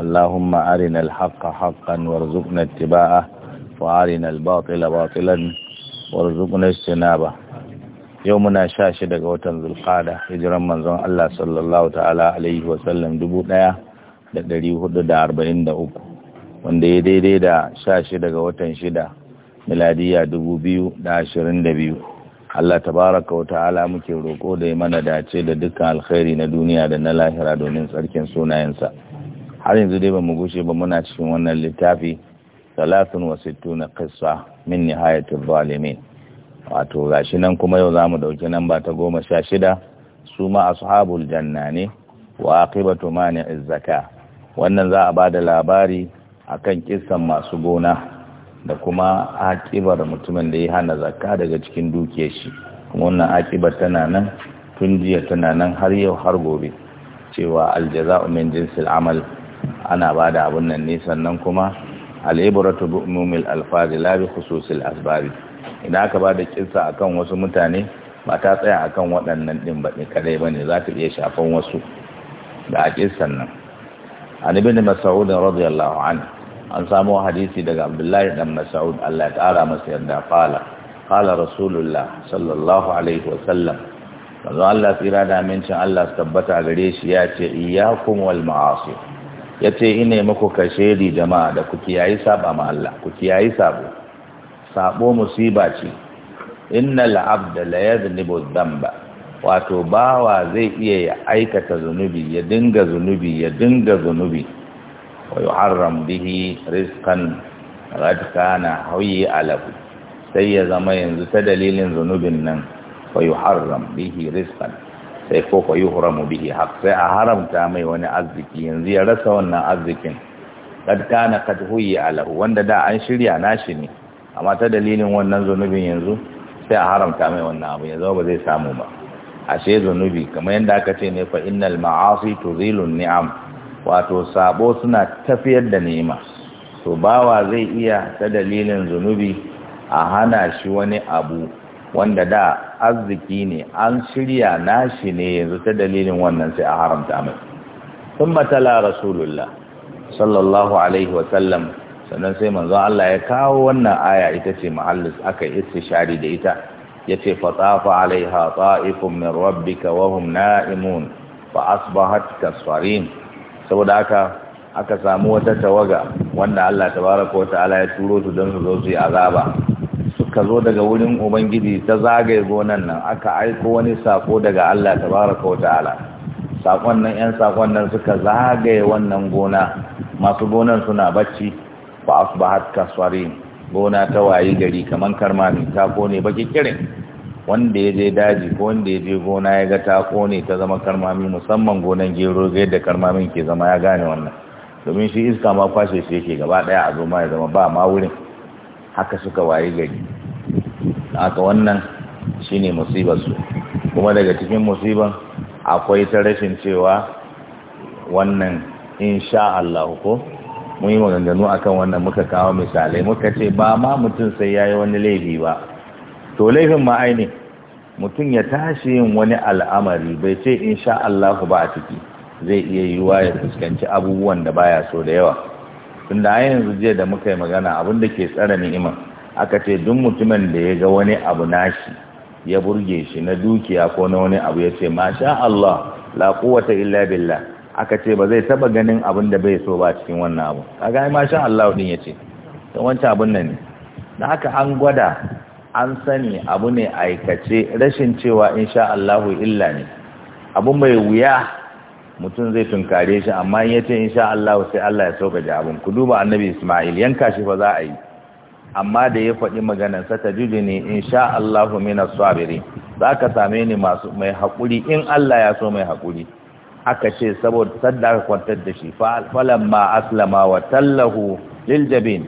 اللهم أرنا الحق حقا وارزقنا اتباعه وأرنا الباطل باطلا وارزقنا اجتنابه يومنا شاشد قوتن ذو القادة هجرا من زون الله صلى الله تعالى عليه وسلم دبوتنا دقلي هدو دا أربعين دا أكو wanda دي دي da sha shida ga watan shida miladiya dubu biyu da ashirin da Allah tabaraka wa ta'ala muke roƙo da ya mana dace da dukkan alkhairi na duniya da na lahira domin tsarkin sunayensa. har yanzu dai bamu mu gushe ba muna cikin wannan littafi talatin wasu tuna kasa min nihayatul zalimin wato gashi nan kuma yau zamu dauki ba ta goma sha shida su ma ashabul janna ne wa aqibatu mani'iz zaka wannan za a da labari akan kissan masu gona da kuma aqibar mutumin da ya hana zaka daga cikin dukiyar shi kuma wannan aqibar tana nan tun jiya tana nan har yau har gobe cewa aljaza'u min jinsil amal ana ba da abin nan ne sannan kuma al'ibratu bi alfazi la bi khususil asbabi aka ba da a akan wasu mutane ba ta tsaya akan waɗannan ɗin ba ne kadai bane za ta iya shafan wasu da a kissan nan an ibn mas'ud radiyallahu anhu an samu hadisi daga abdullahi dan mas'ud Allah ya kara masa yarda fala qala rasulullah sallallahu alaihi wa sallam manzo Allah tsira da amincin Allah tabbata gare shi ya ce iyyakum wal ma'asi ya ce ina maku kashedi jama'a da ku kiyayi saba ma Allah ku kiyayi sabo sabo musiba ce inna al'abda la yadhnibu dhanba wato bawa zai iya ya aikata zunubi ya dinga zunubi ya dinga zunubi wa yuharram bihi rizqan qad kana hayyi alahu sai ya zama yanzu ta dalilin zunubin nan wa yuharram bihi rizqan sai ko fa yuhramu bihi sai a haramta mai wani arziki yanzu ya rasa wannan arzikin kad kana kad alahu wanda da an shirya nashi ne amma ta dalilin wannan zunubin yanzu sai a haramta mai wannan abu yanzu ba zai samu ba ashe zunubi kamar yadda aka ce ne fa innal ma'asi tuzilun ni'am wato sabo suna tafiyar da ni'ima to bawa zai iya ta dalilin zunubi a hana shi wani abu wanda da arziki ne an shirya nashi ne yanzu ta dalilin wannan sai a haramta mai sun matala rasulullah sallallahu alaihi wasallam sannan sai manzo Allah ya kawo wannan aya ita ce mahallis aka istishari da ita ya ce fatsafa alaiha ta'ifun min rabbika wa hum na'imun fa asbahat kasfarin saboda haka aka samu wata tawaga wanda Allah tabaraka wa ta'ala ya turo su don su zo su yi azaba suka zo daga wurin ubangiji ta zagaye gonan nan aka aiko wani sako daga Allah ta tabaraka wa ta'ala sakon nan yan sakon nan suka zagaye wannan gona masu gonan suna bacci fa asbahat kaswarin gona ta wayi gari kamar karmami ta kone baki kirin wanda ya je daji ko wanda ya je gona ya ga ta kone ta zama karmami musamman gonan gero zai yadda karmamin ke zama ya gane wannan domin shi iska ma kwashe shi yake gaba daya a zo ya zama ba ma wurin haka suka waye gari aka wannan shine musibar su kuma daga cikin musiban akwai ta rashin cewa wannan insha Allah ko mun yi maganganu akan wannan muka kawo misalai muka ce ba ma mutum sai yayi wani laifi ba to laifin ma aini mutum ya tashi yin wani al'amari bai ce insha Allah ba a ciki zai iya yiwuwa ya fuskanci abubuwan da baya so da yawa tunda a yanzu jiya da muka yi magana abin da ke tsara ni'imar aka ce duk mutumin da ya ga wani abu nashi ya burge shi na dukiya ko na wani abu ya ce masha Allah la quwwata illa billah aka ce ba zai taba ganin abin da bai so ba cikin wannan abu kaga ai masha Allah din yace to wancan abun nan ne dan haka an gwada an sani abu ne aikace rashin cewa insha Allah illa ne abu mai wuya mutum zai tunkare shi amma in yace insha Allah sai Allah ya sauka da abun ku duba annabi Isma'il yanka shi fa za a yi amma da ya faɗi maganar sa tajudu ne insha Allahu sabiri za zaka same ni masu mai hakuri in Allah ya so mai hakuri aka ce saboda sadda aka kwantar da shi ma aslama wa tallahu lil jabin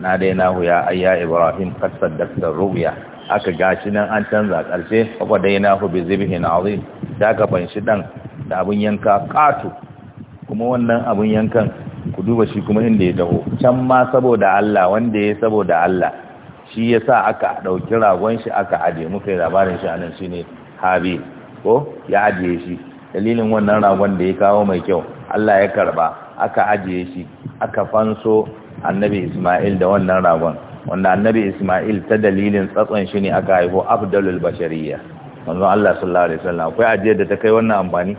na dai nahu ya ayya ibrahim kad saddaqta ru'ya aka gashi nan an canza ƙarshe fa dai nahu bi zibhin azim da ka ban shi dan da abun yanka ƙato kuma wannan abun yankan ku duba shi kuma inda ya taho can ma saboda Allah wanda ya saboda Allah shi ya sa aka ɗauki ragon shi aka ajiye muka yi labarin shi anan shine habi ko ya ajiye shi dalilin wannan ragon da ya kawo mai kyau Allah ya karba aka ajiye shi aka fanso annabi Ismail da wannan ragon wanda annabi Ismail ta dalilin tsatson shi ne aka haifo afdalul bashariyya manzon Allah sallallahu alaihi wasallam akwai ajiyar da ta kai wannan amfani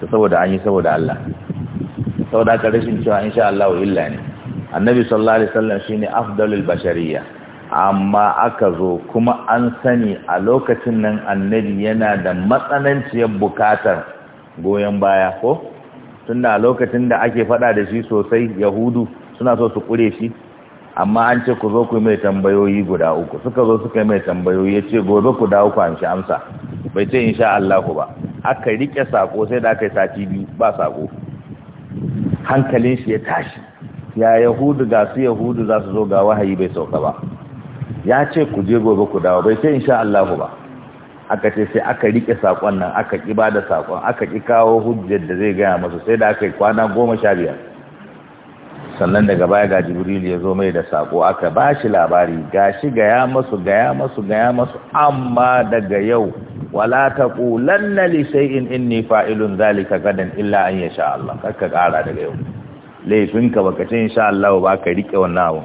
ta saboda an yi saboda Allah saboda ka rashin cewa insha Allah illa ne annabi sallallahu alaihi wasallam shine afdalul bashariyya amma aka zo kuma an sani a lokacin nan annabi yana da matsananciyar bukatar goyon baya ko tunda a lokacin da ake fada da shi sosai yahudu suna so su kure shi amma an ce ku zo ku mai tambayoyi guda uku suka zo suka mai tambayoyi ya ce gobe ku dawo ku amshi amsa bai ce insha Allah ku ba aka rike sako sai da aka yi sati biyu ba sako hankalin shi ya tashi ya yahudu ga su yahudu za su zo ga wahayi bai sauka ba ya ce ku je gobe ku dawo bai ce insha Allah ba aka ce sai aka rike sakon nan aka ki bada da sakon aka ki kawo hujjar da zai gaya masu sai da aka yi kwana goma sha biyar sannan daga baya ga jibril ya zo mai da sako aka ba shi labari gashi gaya masu gaya masu gaya masu amma daga yau wala lallali li in inni fa'ilun zalika gadan illa an yasha Allah karka kara daga yau laifinka baka ce insha Allah ba ka rike wannan abu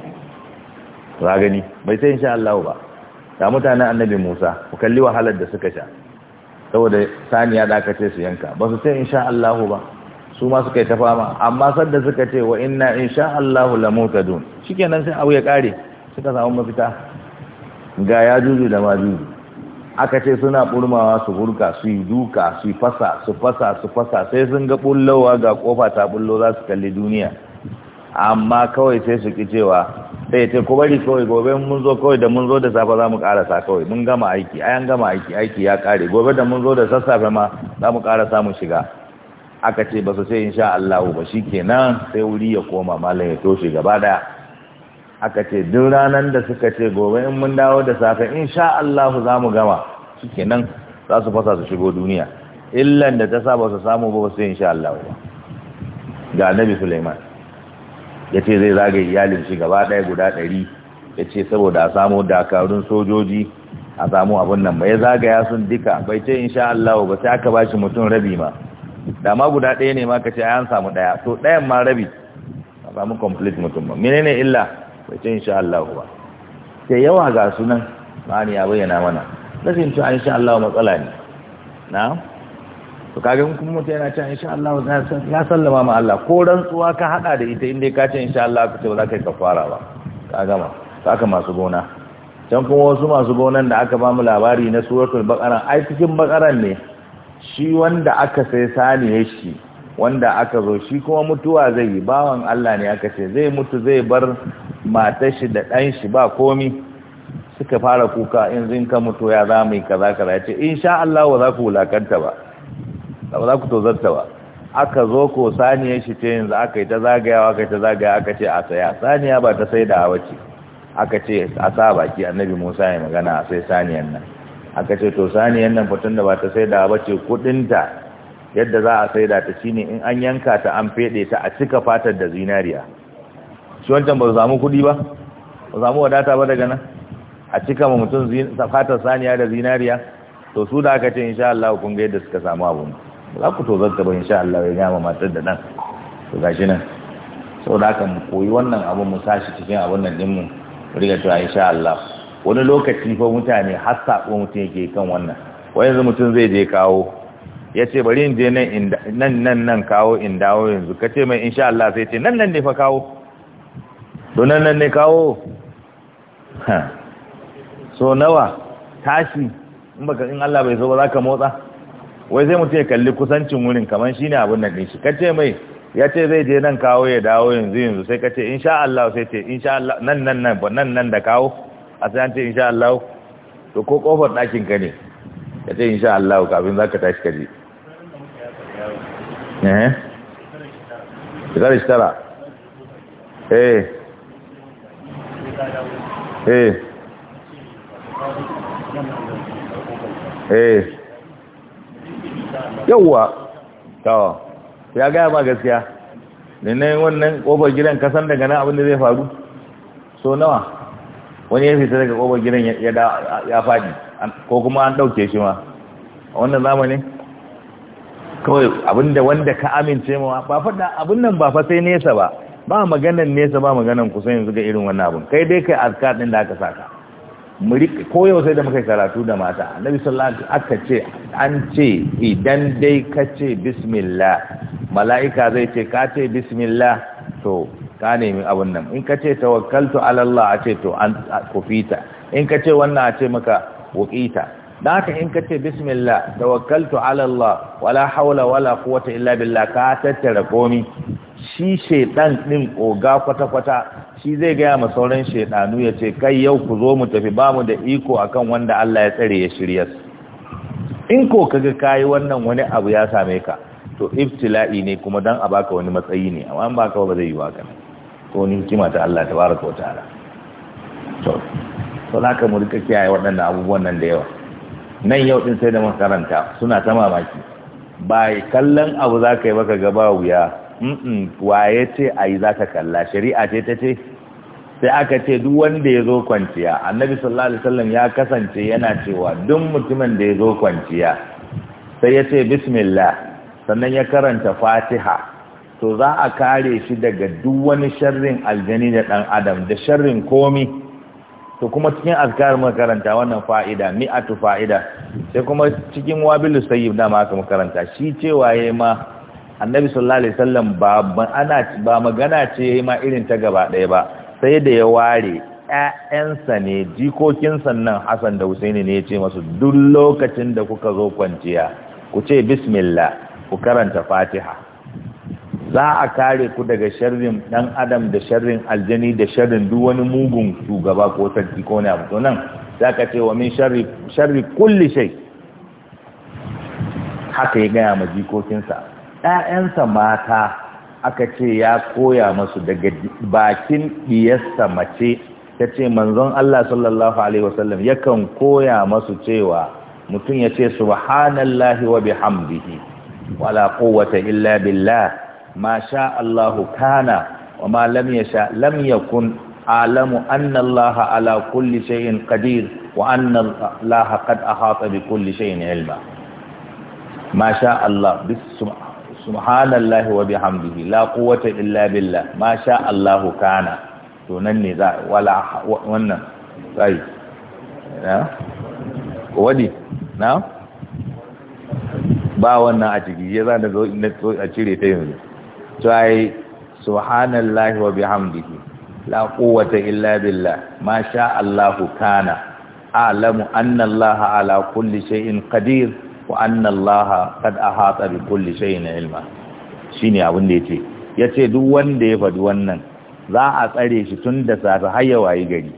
ka gani bai sai insha Allah ba da mutanen annabi Musa ku kalli wahalar da suka sha saboda saniya da aka ce su yanka ba su ce insha Allah ba su ma suka yi ta fama amma da suka ce wa inna insha Allah la mutadun shikenan sai abu ya kare suka samu mafita ga ya juju da ma juju aka ce suna burmawa su burka su yi duka su fasa su fasa su fasa sai sun ga bullowa ga kofa ta bullo za su kalli duniya amma kawai sai su ki cewa sai eh, ta ku bari kawai gobe mun zo kawai da mun zo da safe za mu karasa kawai mun gama aiki ayan gama aiki aiki ya kare gobe da mun zo da sassafe ma za mu karasa mu shiga aka ce ba su sai insha Allah ba shi kenan sai wuri ya koma malam ya toshe gaba daya aka ce duk ranar da suka ce gobe in mun dawo da safe in sha Allah za mu gama suke nan za su fasa su shigo duniya illan da ta saba su samu ba su insha Allah ba ga nabi Sulaiman ya ce zai zaga iyalin shi gaba ɗaya guda ɗari ya ce saboda a samu dakarun sojoji a samu abin nan ba ya zagaya sun duka bai ce insha Allah ba sai aka bashi mutum rabi ma da ma guda ɗaya ne ma ka ce an samu ɗaya to ɗayan ma rabi a samu complete mutum ba menene illa bai ce insha Allah ba da yawa ga sunan bani ya bayyana mana rashin cewa insha Allah matsala ne na to kaga kun mutu yana cewa insha Allah ya sallama ma Allah ko rantsuwa ka hada da ita inda ka ce insha Allah ka ce ba za ka yi kafara ba ka gama saka masu gona can kuma wasu masu gonan da aka ba mu labari na suratul baqara ai cikin baqaran ne shi wanda aka sai saniye shi wanda aka zo shi kuma mutuwa zai yi bawan Allah ne aka ce zai mutu zai bar matar shi da ɗan shi ba komi suka fara kuka in zin ka mutu ya za mu yi kaza kaza ya ce insha Allah wa za ku wulakanta ba ba za ku tozarta ba aka zo ko saniya shi ce yanzu aka yi ta zagayawa aka yi ta zagaya aka ce a saya saniya ba ta sai da hawa ce aka ce a sa baki annabi musa ya magana a sai saniyan nan aka ce to saniyan nan fatan da ba ta sai da hawa ce kudinta yadda za a sai da ta shine in an yanka ta an fede ta a cika fatar da zinariya shi wancan ba su samu kuɗi ba ba samu wadata ba daga nan a cika ma mutum safatar saniya da zinariya to su da aka ce insha Allah kun ga yadda suka samu abu za ku to zanta ba insha Allah ya gama matar da nan to gashi nan sau da aka koyi wannan abu mu sashi cikin abin nan dinmu riga cewa insha Allah wani lokaci fa mutane har sako mutum yake kan wannan wai yanzu mutum zai je kawo ya ce bari in je nan nan nan kawo in dawo yanzu ka ce mai insha Allah sai ce nan nan ne fa kawo donan nan ne kawo ha so nawa tashi in baka in Allah bai so ba zaka motsa wai sai mutum ya kalli kusancin wurin kamar shine abin da kai kace mai ya ce zai je nan kawo ya dawo yanzu yanzu sai kace insha Allah sai ce insha Allah nan nan nan nan nan da kawo a sai an ce insha Allah to ko kofar ɗakin ka ne kace ce insha Allah kafin zaka tashi ka je eh shekara shekara eh eh eh yawwa To. ya gaya ba gaskiya ne wannan ƙofar gidan kasan daga nan da zai faru so nawa wani ya fita daga ƙofar gidan ya faɗi ko kuma an ɗauke shi ma a wannan zamanin kawai abinda wanda ka amince ma ba fa abin nan ba fa sai nesa ba ba maganan nesa ba maganan kusa yanzu ga irin wannan abun kai dai kai azkar din da aka saka ko yau sai da muka karatu da mata annabi sallallahu alaihi aka ce an ce idan dai ka ce bismillah mala'ika zai ce ka ce bismillah to ka nemi abun nan in ka ce tawakkaltu ala Allah a ce to an kufita in ka ce wannan a ce maka wuqita dan haka in ka ce bismillah tawakkaltu ala Allah wala hawla wala quwwata illa billah ka tattara komi shi shaidan din oga kwata-kwata shi zai gaya ma sauran shaidanu ya ce kai yau ku zo mu tafi ba mu da iko akan wanda Allah ya tsare ya shirya su in ko kaga kai wannan wani abu ya same ka to ibtila'i ne kuma dan a baka wani matsayi ne amma an baka ba zai yi ne to ni kima ta Allah tabaraka wataala to to laka mu rika kiyaye waɗannan abubuwan nan da yawa nan yau din sai da makaranta suna ta mamaki ba kallon abu za ka yi baka gaba wuya ya ce a yi za ka kalla shari'a ce ta ce sai aka ce duk wanda ya zo kwanciya annabi sallallahu alaihi wasallam ya kasance yana cewa duk mutumin da ya zo kwanciya sai ya ce bismillah sannan ya karanta fatiha to za a kare shi daga duk wani sharrin aljani da dan adam da sharrin komi to kuma cikin azkar makaranta wannan fa'ida mi'atu fa'ida sai kuma cikin wabilu sayyid da ma aka makaranta shi cewa yayi ma annabi sallallahu alaihi wasallam ba ana ba magana ce ma irin ta gaba ɗaya ba sai da ya ware ƴaƴansa ne jikokin sannan Hassan da Husaini ne ya ce masu duk lokacin da kuka zo kwanciya ku ce bismillah ku karanta Fatiha za a kare ku daga sharrin Ɗan adam da sharrin aljani da sharrin duk wani mugun shugaba ko sarki ko ne abu to nan zaka ce wa min sharri sharri kulli shay haka ya gaya ma jikokinsa ‘ya'yansa mata aka ce ya koya masu daga bakin ɗiyarsa mace ta ce manzon Allah sallallahu Alaihi wasallam yakan koya masu cewa mutum ya ce subhanallahi wa bihamdihi wala quwwata illa billah ma sha Allahu kana wa ma lam yasha lam yakun alamu Annallaha ala kulli shay'in qadir wa Annallaha Allah qad ahata bi kulli shay'in ilma ma sha Allah bis subhanallahi wa bihamdihi la quwwata illa billah ma sha Allahu kana to nan ne za wala wannan sai na wadi na ba wannan a ciki ya za da zo a cire ta yanzu to ai subhanallahi wa bihamdihi la quwwata illa billah ma sha Allahu kana a'lamu anna Allah ala kulli shay'in qadir wa anna Allah qad ahata bi kulli shay'in ilma shine abin da yace yace duk wanda ya fadi wannan za a tsare shi tun da safe har ya wayi gari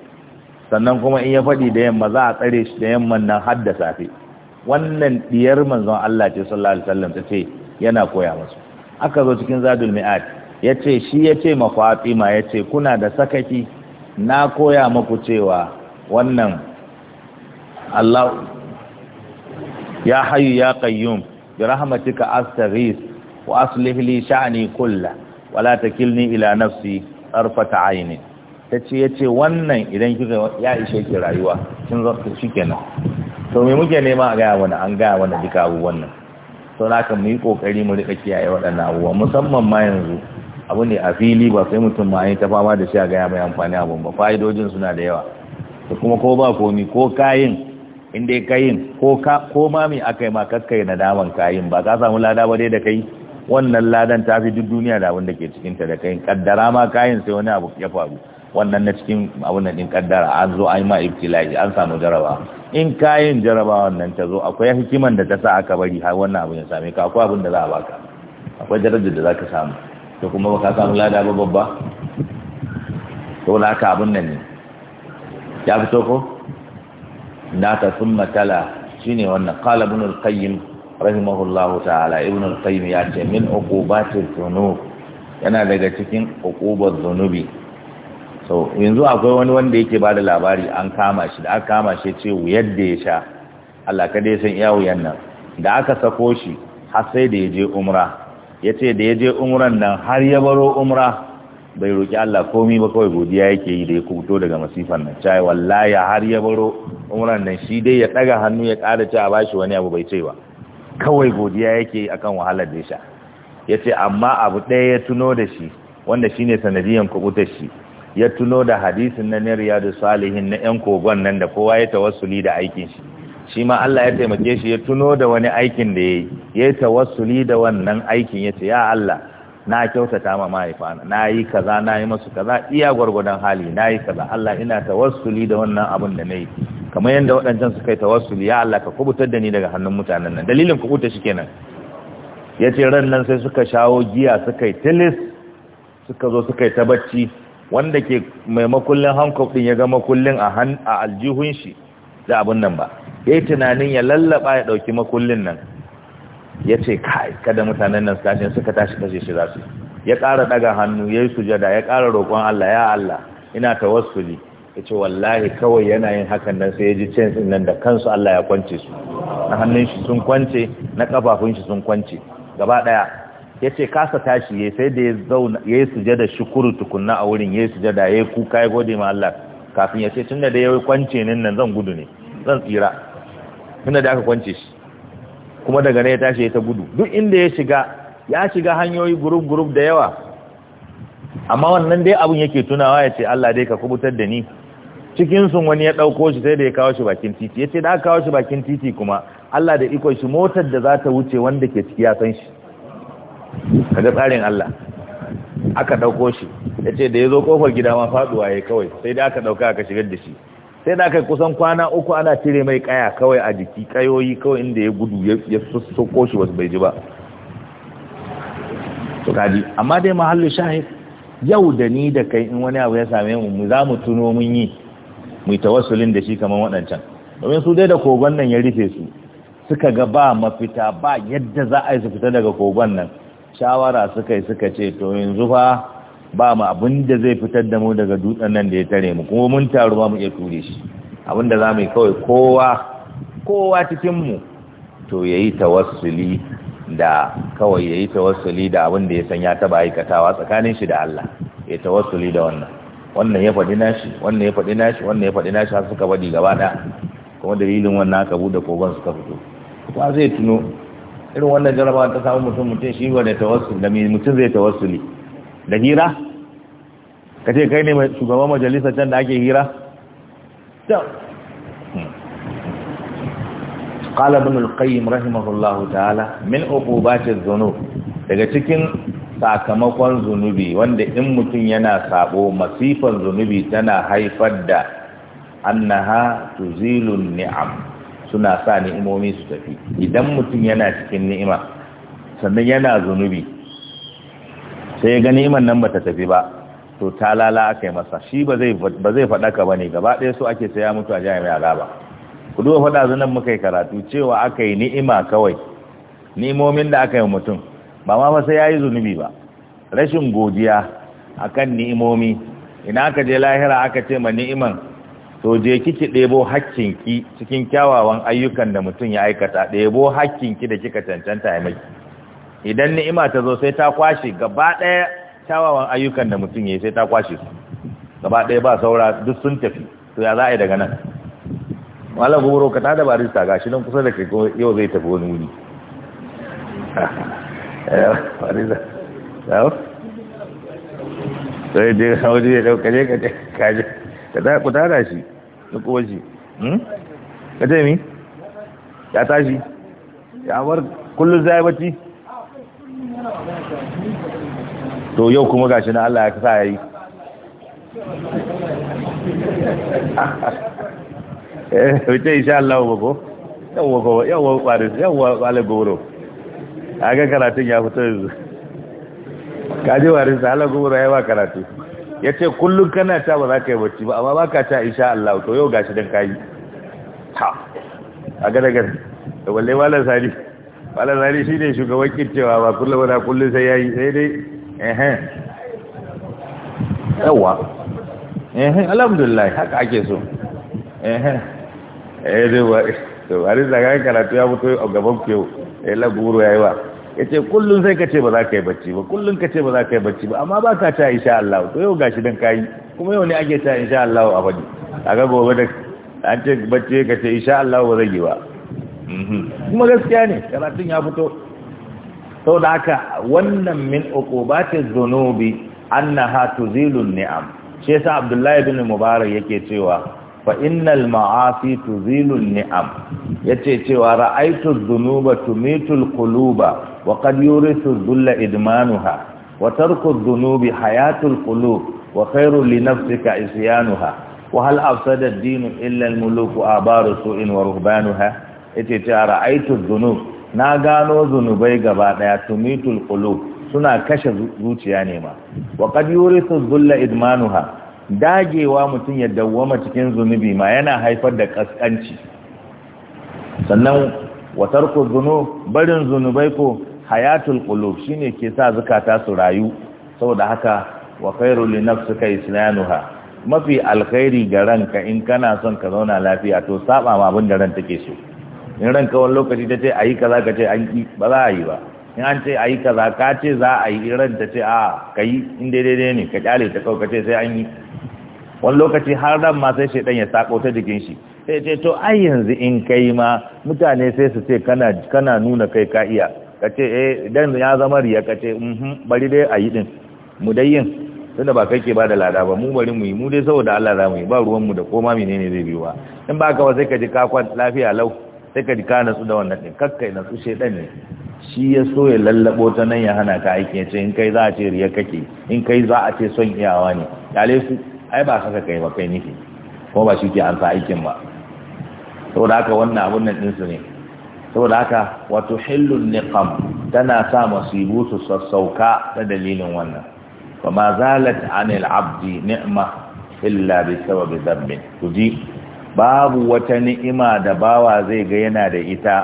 sannan kuma in ya faɗi da yamma za a tsare shi da yamma nan har da safe wannan diyar manzon Allah ce sallallahu alaihi wasallam tace yana koya musu aka zo cikin zadul mi'at yace shi yace ma Fatima yace kuna da sakaki na koya muku cewa wannan Allah ya حي ya قيوم برحمتك rahmatika astaghis لي aslih كله ولا تكلني wa نفسي takilni ila nafsi arfata tace yace wannan idan kika ya ishe ki rayuwa kin zo ki nan. to me muke nema a gaya wani an gaya wani duka abu nan sau na kan mu yi kokari mu rika kiyaye waɗannan abubuwa musamman ma yanzu abu ne a fili ba sai mutum ma ta fama da shi a gaya mai amfani abun ba fa'idojin suna da yawa da kuma ko ba komi ko kayin inda ya kayin ko ma mai aka yi makaskai na daman kayin ba ka samu lada ba dai da kai wannan ladan ta fi duk duniya da abin da ke cikinta da kayin kaddara ma kayin sai wani abu ya faru wannan na cikin abin da ɗin kaddara an zo an yi ma ibtila'i an samu jaraba in kayin jaraba wannan ta zo akwai hikiman da ta sa aka bari har wannan abin ya same ka akwai abin da za a baka akwai darajar da za ka samu to kuma ba ka samu lada ba babba to la ka abin nan ne ya fito ko Na thumma tala shine wannan qala ibn al rahimahullahu ta'ala ibn al-qayyim ya ce min uqubati dhunub yana daga cikin uqubar dhunubi so yanzu akwai wani wanda yake bada labari an kama shi da aka kama shi ce yadda ya sha Allah kada ya san iya wuyan nan da aka sako shi har sai da ya je umra ya ce da ya je umran nan har ya baro umra bai roƙi Allah komi ba kawai godiya yake yi da ya kubuto daga masifan nan cai wallahi har ya baro umran nan shi dai ya daga hannu ya ƙara ci a bashi wani abu bai ce ba kawai godiya yake yi akan wahalar da ya sha yace amma abu ɗaya ya tuno da shi wanda shine sanadiyan kubutar shi ya tuno da hadisin na riyadu salihin na yan kogon nan da kowa ya tawassuli da aikin shi shi ma Allah ya taimake shi ya tuno da wani aikin da yayi ya tawassuli da wannan aikin yace ya Allah na kyautata ma mahaifana na yi kaza na yi masu kaza iya gwargwadon hali na yi kaza Allah ina tawassuli da wannan abin da na yi kamar yadda waɗancan suka yi tawassuli ya Allah ka kubutar da ni daga hannun mutanen nan dalilin kubuta shi kenan ya ce ran nan sai suka shawo giya suka yi tilis suka zo suka yi ta bacci wanda ke mai makullin hankok ɗin ya ga makullin a aljihun shi da abin nan ba ya tunanin ya lallaba ya ɗauki makullin nan ya ce kai kada mutanen nan tashin suka tashi kashe shi za ya ƙara daga hannu ya yi sujada ya kara roƙon Allah ya Allah ina tawassuli ya ce wallahi kawai yana yin hakan nan sai ya ji cin nan da kansu Allah ya kwance su na hannun shi sun kwance na ƙafafun shi sun kwance gaba ɗaya ya ce kasa tashi ya sai da ya zauna ya yi sujada shukuru tukunna a wurin ya yi sujada ya yi kuka ya gode ma Allah kafin ya ce tun da ya kwance nan nan zan gudu ne zan tsira tun da aka kwance shi kuma daga ne ya tashi ya ta gudu duk inda ya shiga ya shiga hanyoyi gurub gurub da yawa amma wannan dai abun yake tunawa ya ce Allah dai ka kubutar da ni cikin sun wani ya dauko shi sai da ya kawo shi bakin titi yace da aka kawo shi bakin titi kuma Allah da iko shi motar da za ta wuce wanda ke ciki ya san shi kaga tsarin Allah aka dauko shi yace da ya zo kofar gida ma faduwa yayi kawai sai da aka ɗauka aka shigar da shi sai da aka kusan kwana uku ana cire mai kaya kawai a jiki kayoyi kawai inda ya gudu ya soko shi wasu bai ji ba su kaji amma dai mahallin shahid yau da ni da kai in wani abu ya same mu za mu tuno mun yi mu yi tawassulin da shi kamar waɗancan domin su dai da kogon nan ya rufe su suka ga ba mafita ba yadda za a yi su fita daga kogon nan shawara suka yi suka ce to yanzu fa ba mu abin da zai fitar da mu daga dutsen nan da ya tare mu kuma mun taru ba mu iya ture shi abin da za mu yi kawai kowa kowa cikinmu to ya yi tawassuli da kawai ya yi tawassuli da abin da ya san ya taba aikatawa tsakanin shi da Allah ya tawassuli da wannan wannan ya faɗi nashi wannan ya faɗi nashi wannan ya faɗi nashi har suka faɗi gaba da kuma dalilin wannan aka buɗe kogon suka fito ba zai tuno irin wannan jarabawa ta samu mutum mutum shi wanda tawassul da mutum zai tawassuli da hira ka ce kai ne mai shugaban majalisar can da ake hira قال ابن القيم رحمه الله تعالى من عقوبات الذنوب daga cikin sakamakon zunubi wanda in mutum yana sabo masifar zunubi tana haifar da annaha tuzilun ni'am suna sa ni'imomi su tafi idan mutum yana cikin ni'ima sannan yana zunubi sai ya gani iman nan ta tafi ba to ta lala aka yi masa shi ba zai faɗaka ba ne gaba ɗaya su ake saya mutu a jami'a mai ku duba faɗa zunan muka yi karatu cewa aka yi ni'ima kawai ni'imomin da aka yi mutum ba ma fa sai ya yi zunubi ba rashin godiya akan ni'imomi ina aka je lahira aka ce ma ni'iman to je kiki ɗebo hakkinki cikin kyawawan ayyukan da mutum ya aikata ɗebo hakkinki da kika cancanta ya maki idan ni'ima ta zo sai ta kwashe gaba ɗaya kyawawan ayyukan da mutum ya yi sai ta kwashe su gaba ɗaya ba saura duk sun tafi to ya za a yi daga nan malam gubaro ka tada barista ga shi nan kusa da kai yau zai tafi wani wuni sai dai hauji ya dauka ne ka da ku tada shi na kuwa shi hmm? ka ce mi ya tashi ya bar kullum zai bacci to yau kuma gashi na Allah ya sa yi. eh wuce insha Allah ba ko yawa ko yawa kwaris yawa wale goro aga karatun ya fito yanzu kaje warin sa Allah goro ba karatu yace kullum kana ta ba za ka yi bacci ba amma ka ta insha Allah to yau gashi dan kai ta aga daga wallahi wala sari wala shi shine shugaban kittewa ba kullum wala kullum sai yayi sai dai ehen yawa ehen alhamdulillah haka ake so ehen eh dai ba to bari zaga karatu ya mutu a gaban ku yau eh la guru yayi ba yace kullun sai kace ba za ka yi bacci ba kullun kace ba za ka yi bacci ba amma ba ka ta insha Allah to yau gashi dan kai kuma yau ne ake ta insha Allah abadi kaga gobe da an ce bacci kace insha Allah ba zai yi ba mhm. kuma gaskiya ne karatun ya fito sau da haka wannan min uqubatil dhunubi annaha tuzilun ni'am shi yasa abdullahi bin mubarak yake cewa fa innal ma'asi tuzilun ni'am yace cewa ra'aytu Zunuba tumitul Kuluba, wa qad yurithu dhulla idmanuha wa tarku dhunubi hayatul qulub wa khairu li nafsika isyanuha wa hal afsada ad-din illa al-muluk abaru su'in wa ruhbanuha yace cewa ra'aytu dhunub na gano zunubai gaba daya tumitul qulub suna kashe zuciya ne ma wa qad yurithu dhulla idmanuha dagewa mutun ya dawwama cikin zunubi ma yana haifar da kaskanci sannan wa tarku dhunub barin zunubai ko hayatul qulub shine ke sa zakata su rayu saboda haka wa khairu li nafsika islanuha mafi alkhairi ga ranka in kana son ka zauna lafiya to saba ma abin da ran take so in ranka wani lokaci ta ce a yi kaza ka ce an yi ba za a yi ba in an ce a yi kaza ka ce za a yi ran ta ce a ka yi in daidai ne ka kyale ta kau ka ce sai an yi wani lokaci har ran ma sai shaidan ya sako ta jikin shi sai ce to ai yanzu in kai ma mutane sai su ce kana kana nuna kai ka iya ka ce eh dan ya zama riya ka ce mhm bari dai a yi din mu dai yin tunda ba kai ke ba da lada ba mu bari mu yi mu dai saboda Allah za mu yi ba ruwan mu da koma menene zai biyo ba in ba ka ba sai ka ji ka lafiya lau sai ka rika nasu da wannan ɗin kakkai nasu su shaidan ne shi ya so ya lallabo ta nan ya hana ka aikin ya ce in kai za a ce riya kake in kai za a ce son iyawa ne kyale su ai ba haka kai ba kai nufi ko ba shi ke an sa aikin ba saboda haka wannan abun nan ɗinsu ne saboda haka wato hillun niqam tana sa masibu su sassauka ta dalilin wannan kuma zalat anil abdi ni'ma illa bi sababi dhanbi kuji babu wata ni'ima da bawa zai ga yana da ita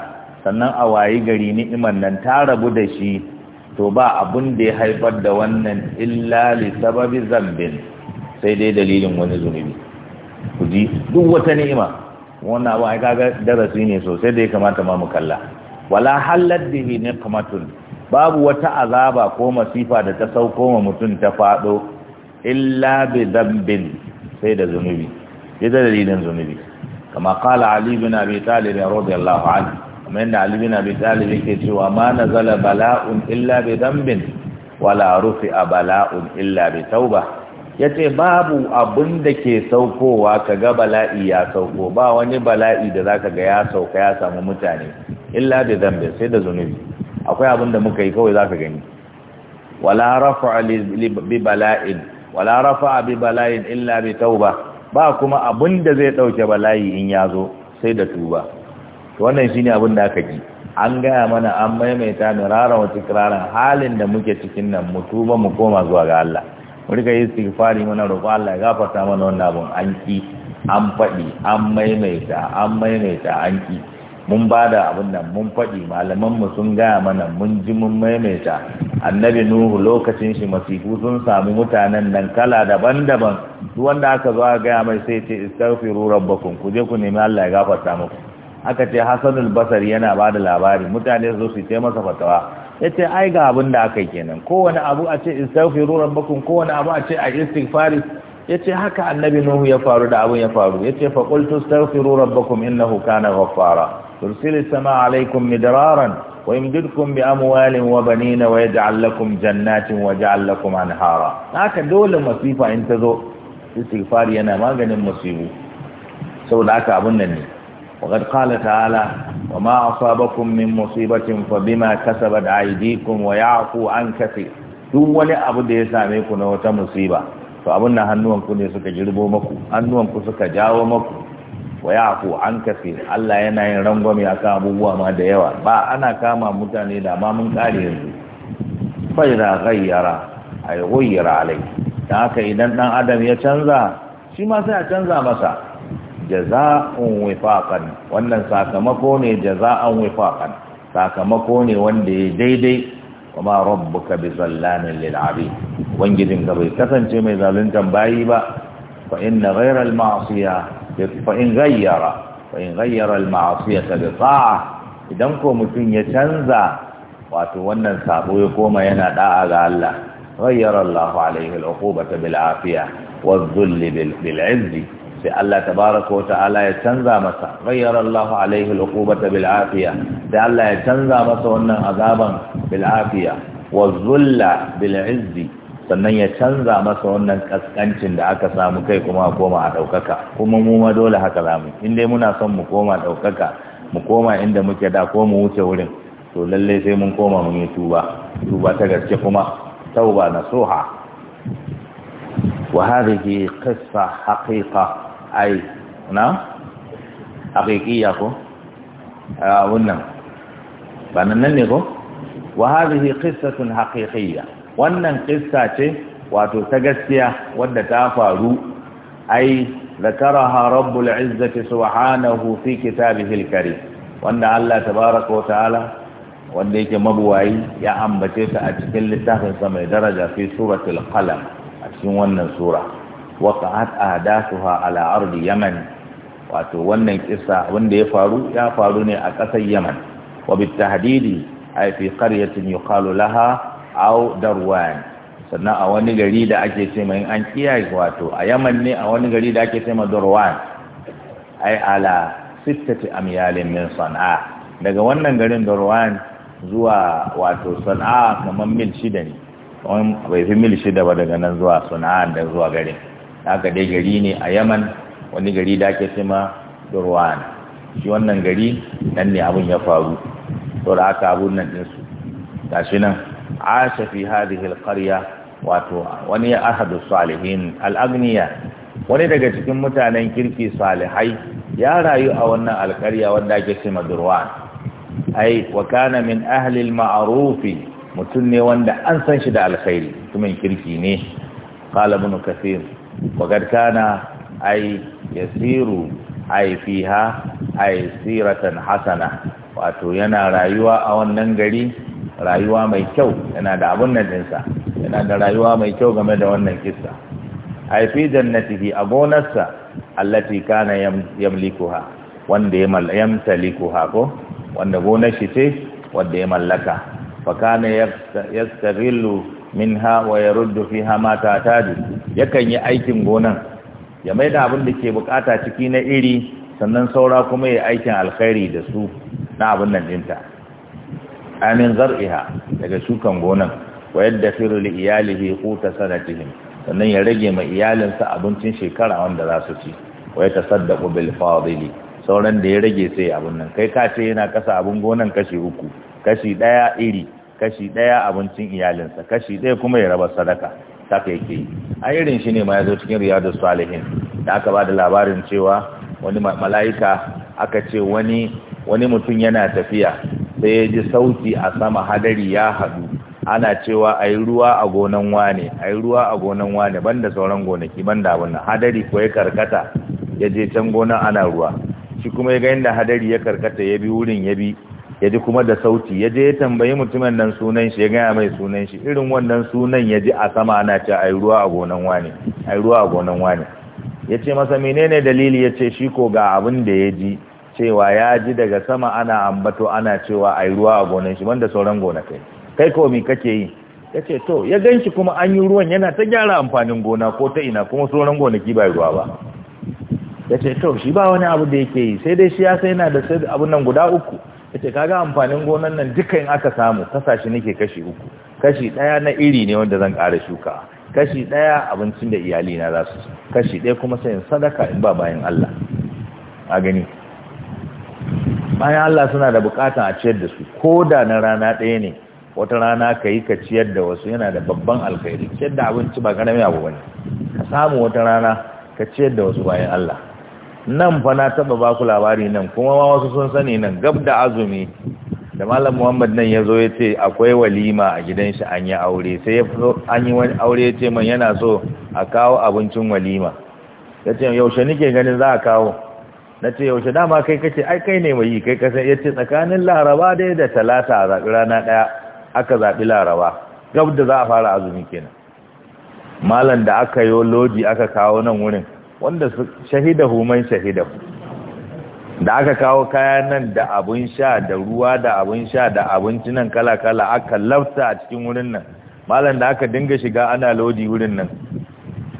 sannan a wayi gari ni'iman nan ta rabu da shi to ba abun da ya haifar da wannan illa li sababi zambin sai dai dalilin wani zunubi ku ji duk wata ni'ima wannan abu ai kaga darasi ne sosai da ya kamata ma mu kalla wala halat bihi niqmatun babu wata azaba ko masifa da ta sauko ma mutum ta fado illa bi zambin sai da zunubi sai da dalilin zunubi kama kala ali bin abi talib radiyallahu anhu kuma yadda ali bin abi talib yake cewa ma nazala bala'un illa bi dambin wala a bala'un illa bi tauba yace babu abun da ke saukowa kaga bala'i ya sauko ba wani bala'i da zaka ga ya sauka ya samu mutane illa bi dambin sai da zunubi akwai abin da muka yi kawai zaka gani wala rafa'a bi bala'in wala bi bala'in illa bi tauba ba kuma abin da zai ɗauke bala'i in ya zo sai da tuba wannan shine abin da aka ji an gaya mana an maimaita miraran wa tikraran halin da muke cikin nan mu tuba mu koma zuwa ga Allah mu rika yi istighfari mana roƙo Allah ya gafarta mana wannan abin an ki an faɗi an maimaita an maimaita an ki mun ba da abin nan mun faɗi malamanmu sun gaya mana mun ji mun maimaita annabi nuhu lokacin shi masifu sun sami mutanen nan kala daban-daban duk wanda aka zo a gaya mai sai ce istaghfiru rabbakum ku je ku nemi Allah ya gafarta muku aka ce hasanul basari yana ba da labari mutane su su ce masa fatawa ya ce ai ga abin da aka yi kenan kowane abu a ce istaghfiru rabbakum kowane abu a ce a istighfari ya ce haka annabi nuhu ya faru da abin ya faru ya ce faƙultu istaghfiru rabbakum innahu kana ghaffara يرسل السماء عليكم مدرارا ويمددكم بأموال وبنين ويجعل لكم جنات ويجعل لكم أنهارا هكا دول مصيفة انتظر استغفار ينا ما قد المصيبو سو لك أبنني وقد قال تعالى وما أصابكم من مصيبة فبما كسبت أيديكم ويعفو عن كثير duk wani abu da ya same ku na wata musiba to abin nan hannuwanku ne suka girbo maku hannuwanku suka jawo maku wa an kafi Allah yana yin rangwame kan abubuwa ma da yawa ba ana kama mutane da ma mun kare yanzu fa idza ghayyara ay ghayyara alai dan haka idan dan adam ya canza shi ma sai a canza masa jaza'un wifaqan wannan sakamako ne jaza'an wifaqan sakamako ne wanda ya daidai kuma rabbuka bi zallamin lil abid ubangijinka bai kasance mai zaluntan bayi ba fa inna ghayra ma'siya gayyara فإن غير فإن غير المعصية بطاعة idan ko mutum ya canza wato wannan sabo ya koma yana da'a ga Allah ghayyara Allahu alaihi al-uqubata bil afiya wa dhull bil izzi sai Allah tabaaraka wa ta'ala ya canza masa ghayyara Allahu alaihi al-uqubata bil afiya sai Allah ya canza masa wannan azaban bil afiya wa dhull bil izzi sannan ya canza masa wannan kaskancin da aka samu kai kuma koma a ɗaukaka kuma mu ma dole haka za in dai muna son mu koma ɗaukaka mu koma inda muke da ko mu wuce wurin to lallai sai mun koma mun yi tuba tuba ta gaske kuma tauba soha wa hadhihi qissa haqiqa ai na haqiqiya ko a wannan ba nan ne ko wa hadhihi qissatun haqiqiyya wannan kissa ce wato ta gaskiya wadda ta faru ai zakaraha rabbul izzati subhanahu fi kitabihil karim wanda Allah Ta wa ta'ala wanda yake mabuwayi ya ambace ta a cikin littafin sa mai daraja fi suratul qalam a cikin wannan sura waqa'at ahdathuha ala ardi yaman wato wannan kissa wanda ya faru ya faru ne a ƙasar yaman wa bitahdidi ai fi qaryatin yuqalu laha au darwan sannan a wani gari da ake ce in an kiyaye wato a yaman ne a wani gari da ake ce ma darwan ai ala sittati amyalin min sana'a daga wannan garin darwan zuwa wato sana'a kamar mil shida ne wani bai fi mil shida ba daga nan zuwa sana'a da zuwa garin haka dai gari ne a yaman wani gari da ake ce ma shi wannan gari nan ne abin ya faru to haka aka abun nan ɗinsu gashi nan asha fi hadhihi alqarya wato wani ahadu salihin al-aghniya wani daga cikin mutanen kirki salihai ya rayu a wannan alƙarya wanda ake ce madurwan ai wa kana min ahli al-ma'rufi mutum ne wanda an san shi da alkhairi mutumin kirki ne qala ibn kathir wa ai yasiru ai fiha ai siratan Hassana, wato yana rayuwa a wannan gari rayuwa mai kyau yana da abun nan yana da rayuwa mai kyau game da wannan kissa ai fi jannatihi a gonarsa allati kana yamlikuha wanda ya yamtalikuha ko wanda gonar shi ce wanda ya mallaka fa kana yastaghillu minha wa yaruddu fiha ma tatadu yakan yi aikin gonan ya maida abin da ke bukata ciki na iri sannan saura kuma ya aikin alkhairi da su na abin nan dinta amin zar'iha daga shukan gonan wa yadda firu li iyalihi quta sanatihim sannan ya rage ma iyalinsa abincin shekara wanda za su ci wa yatasaddaqu bil fadili sauran da ya rage sai abun nan kai ka ce yana kasa abun gonan kashi uku kashi daya iri kashi daya abincin iyalinsa kashi daya kuma ya raba sadaka haka yake yi a irin shi ne ma ya zo cikin riyadu salihin da aka ba da labarin cewa wani mala'ika aka ce wani wani mutum yana tafiya sai ya ji sauti a sama hadari ya haɗu ana cewa a yi ruwa a gonan wane a yi ruwa a gonan wane banda sauran gonaki banda abin hadari ko ya karkata ya je can gonan ana ruwa shi kuma ya ga inda hadari ya karkata ya bi wurin ya bi ya ji kuma da sauti ya je ya tambayi mutumin nan sunan shi ya gaya mai sunan shi irin wannan sunan ya ji a sama ana ce a yi ruwa a gonan wane a yi ruwa a gonan wane ya ce masa menene dalili ya ce shi ko ga abin da ya ji cewa ya ji daga sama ana ambato ana cewa ai ruwa a gonan shi wanda sauran gonakai kai ko me kake yi yace to ya ganshi kuma an yi ruwan yana ta gyara amfanin gona ko ta ina kuma sauran gonaki ba ruwa ba yace to shi ba wani abu da yake yi sai dai shi ya sai yana da sai abun nan guda uku yace kaga amfanin gonan nan duka in aka samu kasashe nake kashi uku kashi daya na iri ne wanda zan ƙara shuka kashi daya abincin da iyali na za su kashi daya kuma sai sadaka in ba bayan Allah a gani bayan Allah suna da bukata a ciyar da su ko da na rana ɗaya ne wata rana ka yi ka ciyar da wasu yana da babban alkhairi ciyar da abinci ba ƙarami abu bane ka samu wata rana ka ciyar da wasu bayan Allah nan fa na taba ba ku labari nan kuma ma wasu sun sani nan gab da azumi da malam Muhammad nan ya zo ya ce akwai walima a gidan shi an yi aure sai ya an yi aure ya ce man yana so a kawo abincin walima ya ce yaushe nike ganin za a kawo na ce yaushe dama kai kace ai kai ne mai yi kai kasan yace tsakanin laraba dai da talata a zaɓi rana ɗaya aka zabi laraba gab da za a fara azumi kenan malam da aka yi loji aka kawo nan wurin wanda shahidahu man shahidahu da aka kawo kayan nan da abun sha da ruwa da abun sha da abinci nan kala-kala aka lafta a cikin wurin nan malam da aka dinga shiga ana loji wurin nan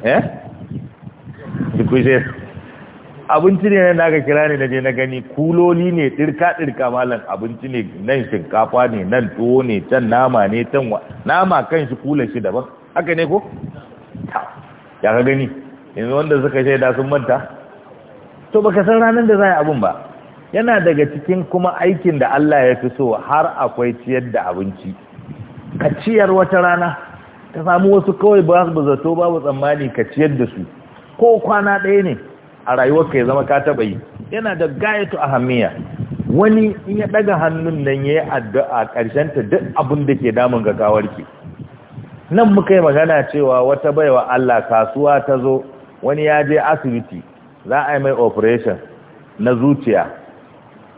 eh? abinci ne na naga kira ne na na gani kuloli ne ɗirka ɗirka malam abinci ne nan shinkafa ne nan tuwo ne can nama ne can nama kan shi kula shi daban haka ne ko ya ka gani yanzu wanda suka shaida sun manta to baka san ranar da za a abin ba yana daga cikin kuma aikin da Allah ya fi so har akwai ciyar da abinci ka ciyar wata rana ka samu wasu kawai ba su zato babu tsammani ka ciyar da su ko kwana ɗaya ne a rayuwarka ya zama ka taɓa yi yana da gayatu ahammiya wani in ya ɗaga hannun nan ya yi addu'a ƙarshen ta duk abin da ke damun ga kawarki nan muka yi magana cewa wata baiwa Allah kasuwa ta zo wani ya je asibiti za a yi mai operation na zuciya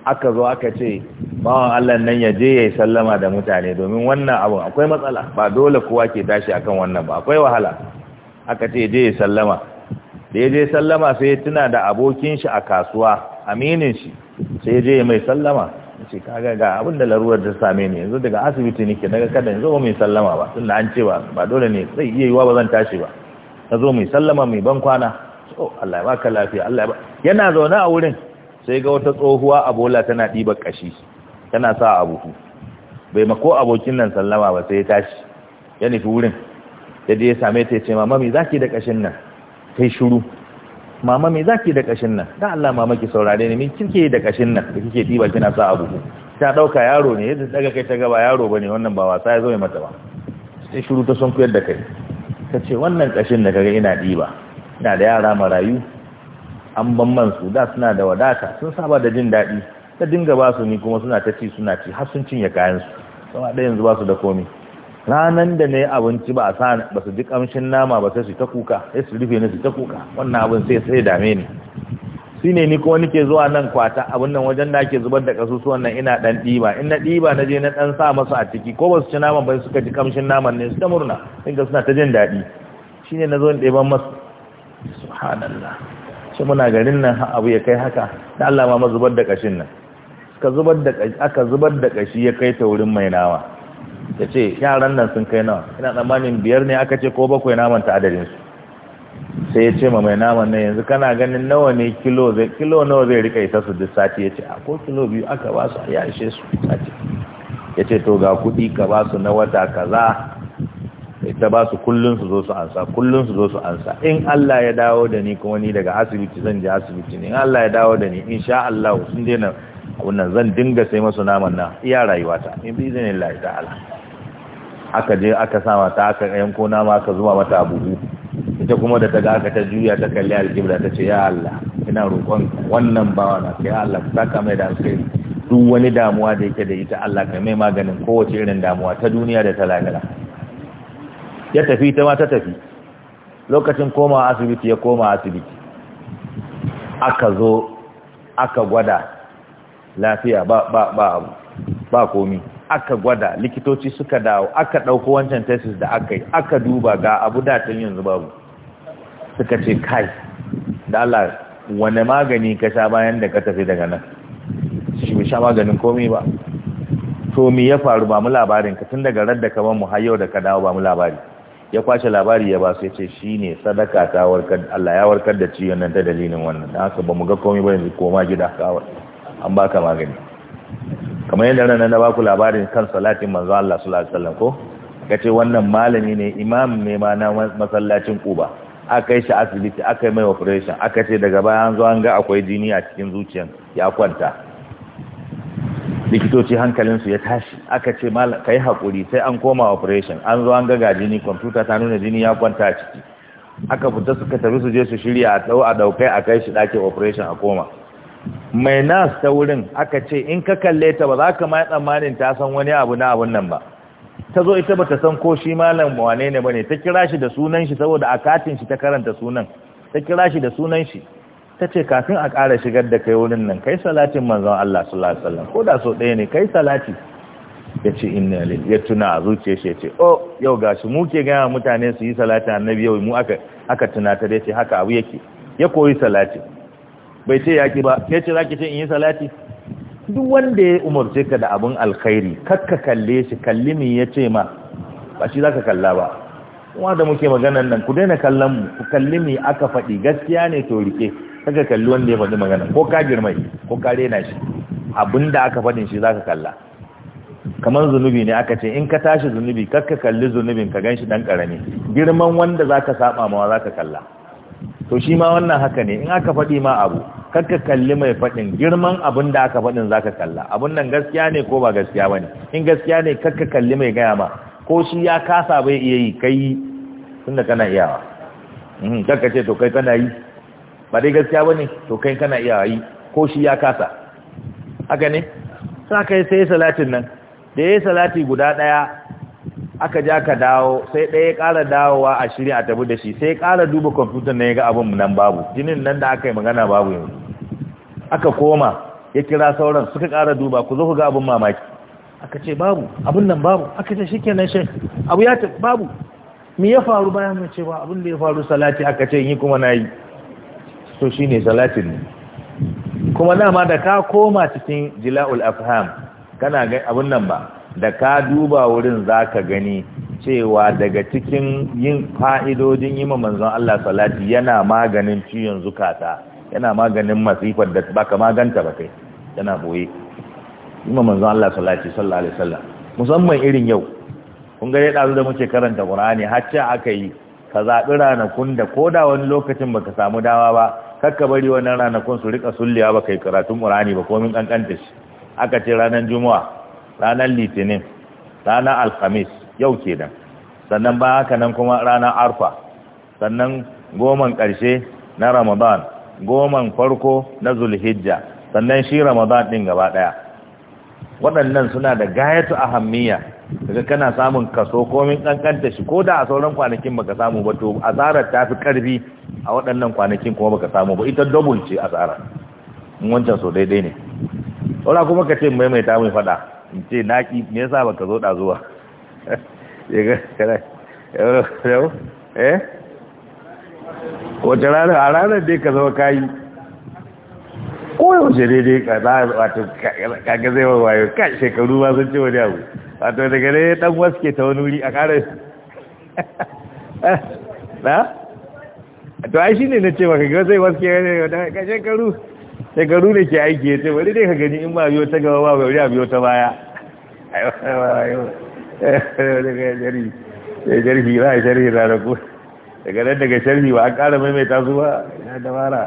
aka zo aka ce bawan Allah nan ya je ya yi sallama da mutane domin wannan abu akwai matsala ba dole kowa ke tashi akan wannan ba akwai wahala aka ce je ya sallama da ya je sallama sai ya tuna da abokin shi a kasuwa aminin shi sai ya je mai sallama ce kaga ga abin da larurar ta same ni yanzu daga asibiti ke daga kada yanzu mai sallama ba tunda an ce ba dole ne zai iya yiwa ba zan tashi ba ka zo mai sallama mai ban kwana oh Allah ya baka lafiya Allah ya ba yana zaune a wurin sai ga wata tsohuwa a bola tana ɗiba kashi tana sa a buhu bai mako abokin nan sallama ba sai ya tashi ya nufi wurin da ya same ta ya ce mama me zaki da kashin nan kai shiru mama me zaki da kashin nan dan Allah mama ki saurare ni me kike da kashin nan da kike diba kina sa abu ta dauka yaro ne yadda daga kai ta gaba yaro bane wannan ba wasa ya zo mai mata ba sai shiru ta son kuyar da kai ce wannan kashin da kaga ina diba ina da yara marayu an ban man su da suna da wadata sun saba da jin daɗi ta dinga ba su ni kuma suna ta ci suna ci har sun cinye kayan su kuma da yanzu ba su da komai ranan da ne abinci ba sa ba su ji kamshin nama ba sai su ta kuka sai su rufe ne su ta kuka wannan abin sai sai dame ni shi ne ni kuma ke zuwa nan kwata abin nan wajen da ake zubar da kasusuwan nan ina dan ɗiba in na ɗiba na je na dan sa masu a ciki ko ba su ci nama ba suka ji kamshin naman ne su ta murna sai ga suna ta jin daɗi shi ne na zo in ɗeban masu subhanallah shi muna garin nan abu ya kai haka da Allah ma zubar da kashin nan suka zubar da aka zubar da kashi ya kai ta wurin mai nawa ya ce yaran nan sun kai nawa ina tsammanin biyar ne aka ce ko bakwai naman ta adadinsu sai ya ce ma mai naman nan yanzu kana ganin nawa ne kilo zai kilo nawa zai rika isa su duk sati ya ce a ko kilo biyu aka ba su ya ishe su sati ya ce to ga kuɗi ka ba su na wata kaza ita ba su kullun su zo su ansa kullun su zo su ansa in Allah ya dawo da ni kuma ni daga asibiti zan je asibiti in Allah ya dawo da ni insha Allah sun daina wannan zan dinga sai masu naman na iya rayuwata in bi zan Allah ta'ala aka je aka sa ta aka yanko nama aka zuba mata abubu ita kuma da ta ga aka ta juya ta kalli alkibla ta ce ya Allah ina roƙon wannan bawa na ya Allah ka mai da alkhairi duk wani damuwa da yake da ita Allah ka mai maganin kowace irin damuwa ta duniya da ta lahira ya tafi ta ma ta tafi lokacin koma asibiti ya koma asibiti aka zo aka gwada lafiya ba ba ba ba komi aka gwada likitoci suka dawo aka ɗauko wancan tesis da aka yi aka duba ga abu datin yanzu babu suka ce kai da Allah wane magani ka sha bayan da ka tafi daga nan shi mai sha maganin komai ba to mi ya faru ba mu labarin ka tun daga radda ka ban mu har yau da ka dawo ba mu labari ya kwashe labari ya ba su ya ce shi ne sadaka ta warkar Allah ya warkar da ciwon nan ta dalilin wannan da haka ba mu ga komai ba yanzu koma gida kawai an baka magani kamar yadda ranar na baku labarin kan salatin manzo Allah sallallahu alaihi wasallam ko kace wannan malami ne imam ne ma na masallacin Kuba aka yi shi asibiti aka mai operation aka ce daga baya an zo an ga akwai jini a cikin zuciyan ya kwanta likitoci hankalinsu ya tashi aka ce kai hakuri sai an koma operation an zo an ga ga jini kwamfuta ta nuna jini ya kwanta a ciki aka fita suka tafi su je su shirya a tsawo a daukai a kai shi ɗakin operation a koma mai nas ta wurin aka ce in ka kalle ta ba za ka ma tsammanin ta san wani abu na abun nan ba ta zo ita ba ta san ko shi malam wane ne bane ta kira shi da sunan shi saboda a katin shi ta karanta sunan ta kira shi da sunan shi ta ce kafin a ƙara shigar da kai wurin nan kai salatin manzon Allah sallallahu alaihi wasallam ko da so ɗaya ne kai salati ya ce inna lil ya tuna a zuciyar shi ya ce oh yau gashi mu ke gaya mutane su yi salati annabi yau mu aka aka tunatar ya ce haka abu yake ya koyi salati bai ce yaki ba ke ce zaki ce in yi salati duk wanda ya umarce ka da abun alkhairi kakka kalle shi kalli mi ya ce ma ba shi zaka kalla ba kuma da muke maganan nan ku daina kallon mu ku kalli mi aka faɗi gaskiya ne to rike kaga kalli wanda ya faɗi magana ko ka girmai ko ka rena shi abinda aka faɗin shi zaka kalla kamar zunubi ne aka ce in ka tashi zunubi kakka kalli zunubin ka ganshi dan karami girman wanda zaka saba ma zaka kalla to shi ma wannan haka ne in aka faɗi ma abu kakka kalli mai faɗin girman abin da aka faɗin zaka kalla abin nan gaskiya ne ko ba gaskiya bane in gaskiya ne kakka kalli mai gaya ma ko shi ya kasa bai iya yi kai tunda kana iyawa mm mm-hmm, kakka ce to kai kana yi ba dai gaskiya bane to kai kana iyawa yi ko shi ya kasa haka ne sai kai sai salatin nan da yayi salati guda daya aka ja ka dawo sai ɗaya ƙara dawowa a shirya a tabi da shi sai ƙara duba kwamfutan na ya ga abin nan babu jinin nan da aka yi magana babu yanzu aka koma ya kira sauran suka ƙara duba ku zo ku ga abin mamaki aka ce babu abin nan babu aka ce shi kenan shi abu ya ta babu me ya faru bayan mai cewa abin da ya faru salati aka ce yi kuma na yi to shi ne salatin kuma dama da ka koma cikin jila'ul afham kana ga abin nan ba da ka duba wurin za ka gani cewa daga cikin yin fa'idodin yi ma manzon Allah salati yana maganin ciyon zukata yana maganin masifar da baka maganta ba kai yana boye yi ma manzon Allah salati sallallahu alaihi wasallam musamman irin yau kun ga ɗazu da muke karanta Qur'ani har aka yi ka zaɓi ranakun da ko da wani lokacin baka samu dama ba kakka bari wannan ranakun su rika sulliya ba kai karatun Qur'ani ba komin kankanta shi aka ce ranar Juma'a ranar litinin ranar alhamis yau kenan sannan ba haka nan kuma ranar arfa sannan goman karshe na ramadan goman farko na zulhijja sannan shi ramadan ɗin gaba ɗaya waɗannan suna da gayatu a hammiya daga kana samun kaso komin ƙanƙanta shi ko da a sauran kwanakin baka samu ba to asarar ta fi karfi a waɗannan kwanakin kuma baka samu ba ita double ce asarar wancan so daidai ne Wala kuma ka ce maimaita mai faɗa in ce naki me yasa baka zo da zuwa eh wata rana a ranar dai ka zama kayi koyaushe ne dai ka za wato kaga zai wa wayo ka shekaru ba sun ce wani abu wato daga ne dan waske ta wani wuri a kare na to ai shine na ce maka ga zai waske ne ka shekaru shekaru ne ke aiki ya ce wani dai ka gani in ba biyo ta gaba ba biyo ta baya sai sharhi za a sharhi ranaku daga nan daga sharhi ba an ƙara maimaita su ba ya dabara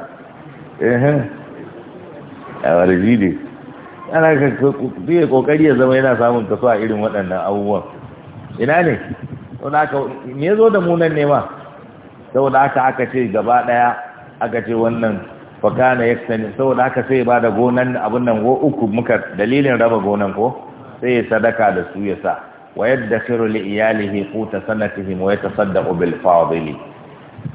a warji ne ana fiye kokari ya zama yana samun taso a irin waɗannan abubuwan ina ne saboda aka me zo da munan nema saboda aka aka ce gaba ɗaya aka ce wannan fakana ya saboda aka sai ba da gonan abin nan go uku muka dalilin raba gonan ko sai ya sadaka da su ya sa wa yadakhiru li iyalihi quta sanatihim wa yatasaddaqu bil fadli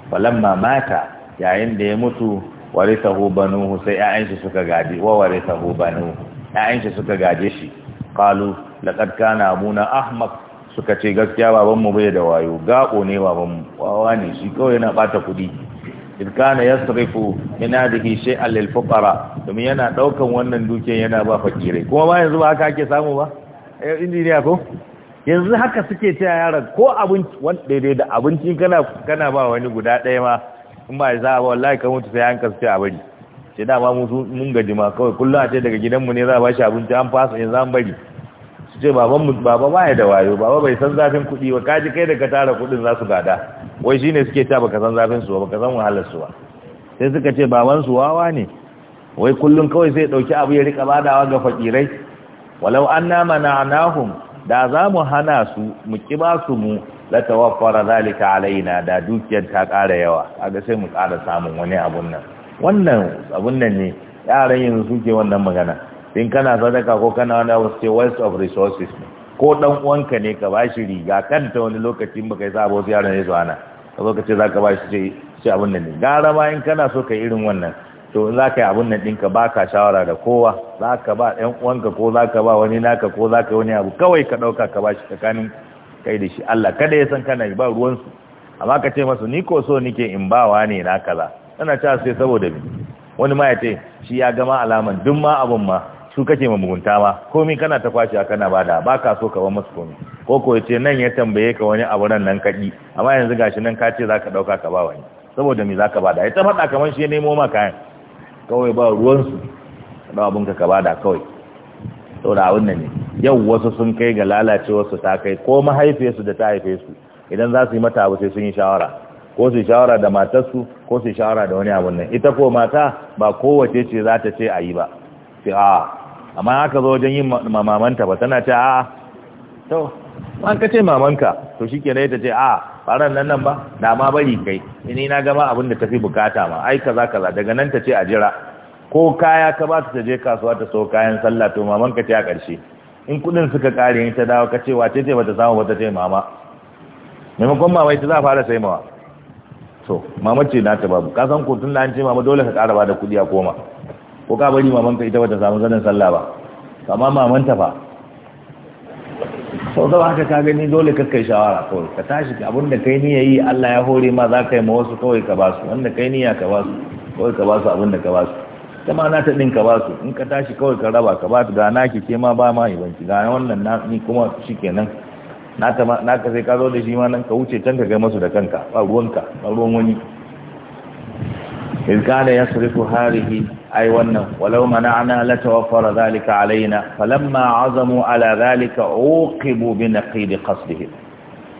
falamma mata yayin da ya mutu warithahu banuhu sai ya shi suka gaji wa warithahu banuhu ƴaƴan shi suka gaje shi qalu laqad kana abuna Ahmad suka ce gaskiya babanmu bai da wayo gako ne baban mu wawa ne shi kawai yana bata kudi idkana yasrifu ina hadhihi shay'an lil fuqara domin yana daukan wannan dukiyar yana ba fakire kuma ba yanzu ba haka ake samu ba injiniya ko yanzu haka suke ce yaran ko abinci dai da abinci kana ba wani guda daya ma in ba za a ba wallahi ka mutu sai an kasu ce a bari da dama mun gaji ma kawai kullum a ce daga gidanmu ne za a ba shi abinci an fasa yanzu an bari su ce babanmu baba ya da wayo baba bai san zafin kuɗi ba kaji kai da ka tara kuɗin za su gada wai shine suke ta baka san zafin su ba baka san wahalar su ba sai suka ce baban su wawa ne wai kullum kawai sai dauki abu ya rika badawa ga fakirai walau anna mana'nahum da za mu hana su mu kiba su mu la tawaffara zalika alaina da dukiyar ta kara yawa kaga sai mu ƙara samun wani abun nan wannan abun nan ne yaran yanzu suke wannan magana in kana sadaka ko kana wani abu sai waste of resources ne ko dan uwanka ne ka bashi riga ta wani lokacin baka yi sabo sai yaron ya zo ana ka za ka zaka bashi sai sai abun nan ne gara ma in kana so ka irin wannan to in zaka yi abun nan ɗinka ba ka shawara da kowa zaka ba ɗan uwanka ko zaka ba wani naka ko zaka wani abu kawai ka ɗauka ka bashi tsakanin kai da shi Allah kada ya san kana ba ruwansu amma ka ce masu ni ko so nike in bawa ne na kaza kana cewa sai saboda ni wani ma ya ce shi ya gama alaman duk ma abun ma su kake ma mugunta ma komi kana ta kwace kana bada ba ka so ka ba masu komi ko ko ce nan ya tambaye ka wani abu nan nan kaɗi amma yanzu gashi nan ka ce za ka ɗauka ka ba wani saboda me za ka bada ya ta faɗa kamar shi ya nemo ma kayan kawai ba ruwansu da abin ka bada kawai saboda abin nan ne yau wasu sun kai ga lalacewarsu ta kai ko su da ta haife su idan za su yi mata abu sai sun yi shawara ko su shawara da matarsu ko su shawara da wani abun nan ita ko mata ba kowace ce za ta ce a yi ba sai a amma aka zo wajen yin mamanta ba tana ce a to an ka ce mamanka to shi kenan ta ce a faran nan nan ba da ma bari kai ni na gama abin da tafi bukata ma ai kaza kaza daga nan ta ce a jira ko kaya ka ba ta je kasuwa ta so kayan sallah to mamanka ta a ƙarshe in kudin suka kare in ta dawo ka wace ce bata samu bata ce mama maimakon mama ita za a fara sai mawa to mama ce na ta babu kasan ko tun da an ce mama dole ka ƙara ba da kuɗi a koma ko ka bari mamanta ita bata samu zanen sallah ba amma mamanta fa sau zama haka ka gani dole ka kai shawara kawai ka tashi abin da kai niyya yi Allah ya hore ma za ka yi ma wasu kawai ka basu wanda kai niyya ka basu kawai ka basu abin da ka basu ta ma na ta ɗin ka basu in ka tashi kawai ka raba ka basu ga naki ke ma ba ma ibanci ga wannan na ni kuma shi kenan naka naka sai ka zo da shi ma nan ka wuce can ka ga masu da kanka ba ruwanka ba ruwan wani ya yasrifu harihi ai wannan walau mana'ana la tawaffara zalika alaina falamma azamu ala zalika uqibu bi naqid qasdihim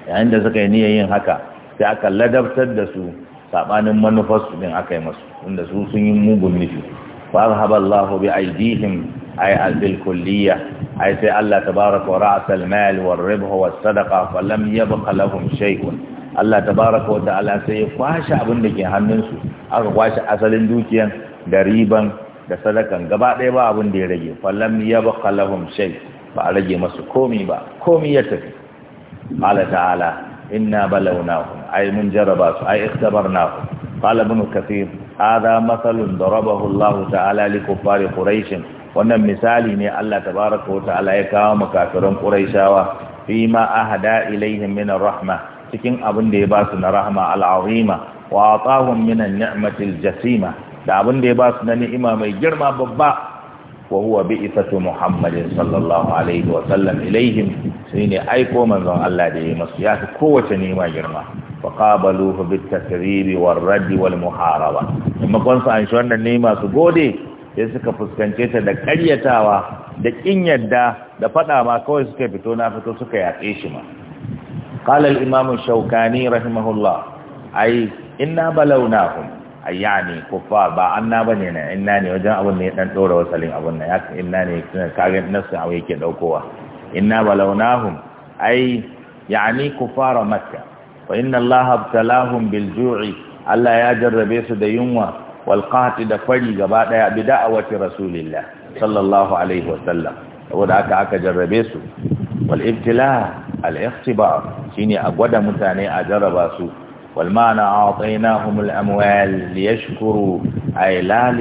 yayin da suka yi niyyar yin haka sai aka ladabtar da su sabanin manufar su din aka yi masu inda su sun yi mugun nufi wa arhaba Allah bi aidihim ai albil kulliyah Ai sai Allah tabaaraka wa ra'sal mal wal ribh was sadaqa falam yabqa lahum shay'un Allah tabaraka wa ta'ala sai ya kwashe abin da ke hannunsu aka kwashe asalin dukiyan da riban da sadakan gaba ɗaya ba abin da ya rage fallam ya ba kalahum shai ba a rage masu komi ba komi ya tafi ala ta'ala inna balawnahu ay mun jaraba su ay ikhtabarnahu qala ibn kathir hadha mathalun darabahu Allah ta'ala li kuffari quraish wannan misali ne Allah tabaaraka wa ta'ala ya kawo makafiran quraishawa fi ma ahada ilaihim min ar cikin abin da ya ba su na rahma al-azima wa atahum min an-ni'mati al-jasima da abin da ya ba su na ni'ima mai girma babba wa huwa bi isatu muhammadin sallallahu alaihi wa sallam ilaihim aiko manzon Allah da ya masu ya fi kowace ni'ima girma fa qabaluhu bit takrib war radd wal muharaba amma kon sa an shi wannan ni'ima su gode sai suka fuskance ta da ƙaryatawa, da kin yadda da fada ma kawai suka fito na fito suka yaƙe shi ma qala al imam shaukani rahimahullah ai inna balawnahum ayyani kufa ba anna bane na inna ne wajen abun ne dan dora wasalin abun ne, haka inna ne kage nasu awo yake daukowa inna balawnahum ai yani kufara makka fa inna allaha abtalahum bil ju'i allah ya jarrabe su da yunwa wal da fari gaba daya bi da'awati rasulillah sallallahu alaihi wasallam saboda haka aka jarrabe su wal ibtila al ikhtibar shine a gwada mutane a jarraba su والمعنى أعطيناهم الأموال ليشكروا أي لا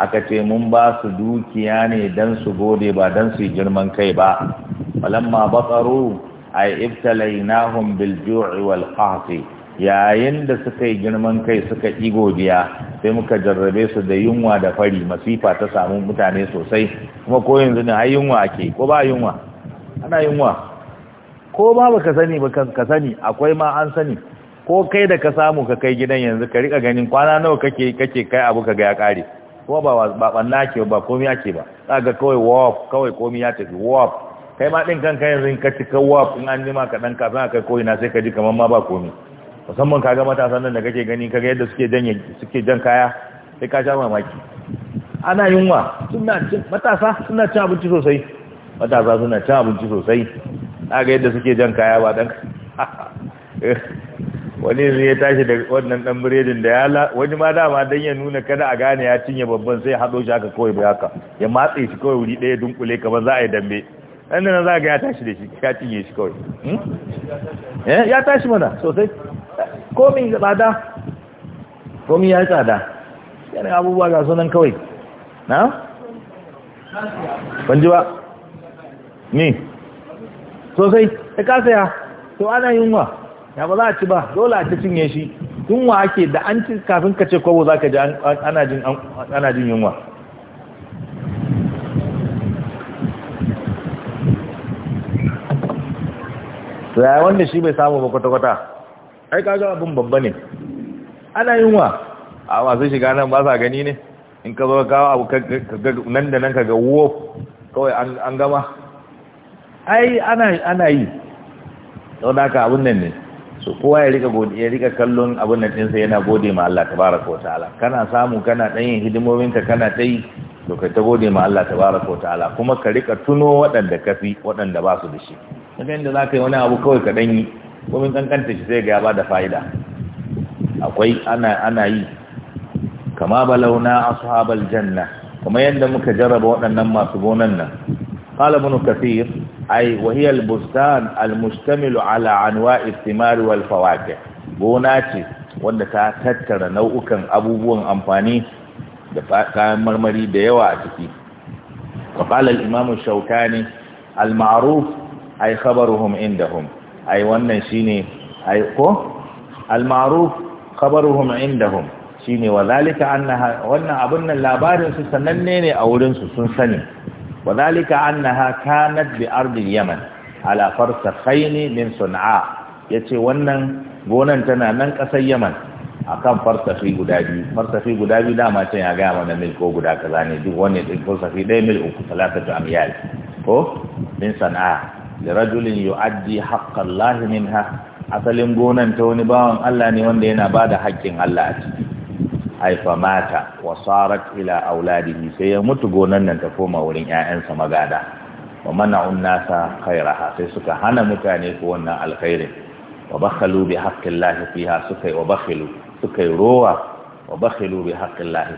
aka akace mun ba su dukiya ne dan su gode ba dan su girman kai ba falamma bataru ay ibtalainahum bil ju'i wal qahti yayin da suka yi girman kai suka ki godiya sai muka jarrabe su da yunwa da fari masifa ta samu mutane sosai kuma ko yanzu ne har yunwa ake ko ba yunwa ana yunwa ko ba baka sani ba ka sani akwai ma an sani ko kai da ka samu ka kai gidan yanzu ka rika ganin kwana nawa kake kake kai abu ka ga ya kare ko ba ba banna ke ba komai ake ba kaga kawai wop kawai komai ya tafi wop kai ma din kanka yanzu in ka cika wop in an nima ka dan ba kai koyi na sai ka ji kamar ma ba komai musamman kaga matasan nan da kake gani kaga yadda suke janye suke jan kaya sai ka sha mamaki ana yunwa suna matasa suna cin abinci sosai matasa suna cin abinci sosai kaga yadda suke jan kaya ba dan wani zai ya tashi da wannan dan biredin da ya la wani ma dama dan ya nuna kada a gane ya cinye babban sai haɗo shi haka kawai ba haka ya matse shi kawai wuri daya dunkule ba za a yi dambe dan nan za ka ya tashi da shi ya cinye shi kawai hmm? eh, ya tashi mana sosai komi tsada komi ya tsada yana abubuwa ga sunan kawai na? ban ji ba ni sosai ta kasa ya to ana yunwa ya ba za a ci ba dole a ci cinye shi yunwa ake da an ci kafin ka ce kwabo za ka ji ana jin yunwa to yaya wanda shi bai samu ba kwata-kwata ai kaga abin babba ne ana yunwa a masu shiga nan ba sa gani ne in ka zo kawo abu nan da nan ka ga wof kawai an gama ai ana yi sau da abin nan ne so kowa ya rika ya rika kallon abin nan yana gode ma Allah tabaraka wataala kana samu kana dan yin hidimomin ka kana ta to kai ta gode ma Allah tabaraka wataala kuma ka rika tuno waɗanda kafi fi waɗanda ba su da shi kaga inda za yi wani abu kawai ka dan yi komin kankanta shi zai ga ya ba da fa'ida akwai ana ana yi kama balauna ashabal janna kamar yadda muka jarraba waɗannan masu gonan nan قال ابن كثير أي وهي البستان المشتمل على أنواع الثمار والفواكه بوناتي wanda ta tattara nau'ukan abubuwan amfani da kayan marmari da yawa a ciki وقال الإمام الشوكاني المعروف أي خبرهم عندهم أي wannan shine أي ko المعروف خبرهم عندهم shine وذلك أنها wannan abun nan labarin su sananne ne a wurin su sun sani wa zalika annaha kanat bi ardil yaman ala farsakhain min sun'a yace wannan gonan tana nan kasar yaman akan farsafi guda biyu farsafi guda biyu dama can ya gaya mana mil ko guda ka zane duk wani ɗin farsafi ɗaya mil uku talatatu amyal ko min sana'a da rajulin yu'addi haqqallahi ha asalin gonan ta wani bawan Allah ne wanda yana bada haƙƙin Allah a ciki haifa mata wa sarat ila auladihi sai ya mutu gonan nan ta koma wurin ƴaƴansa magada wa mana'un nasa khairaha sai suka hana mutane ko wannan alkhairin wa bakhalu bi haqqillahi fiha suka wa bakhilu suka rowa wa bakhilu bi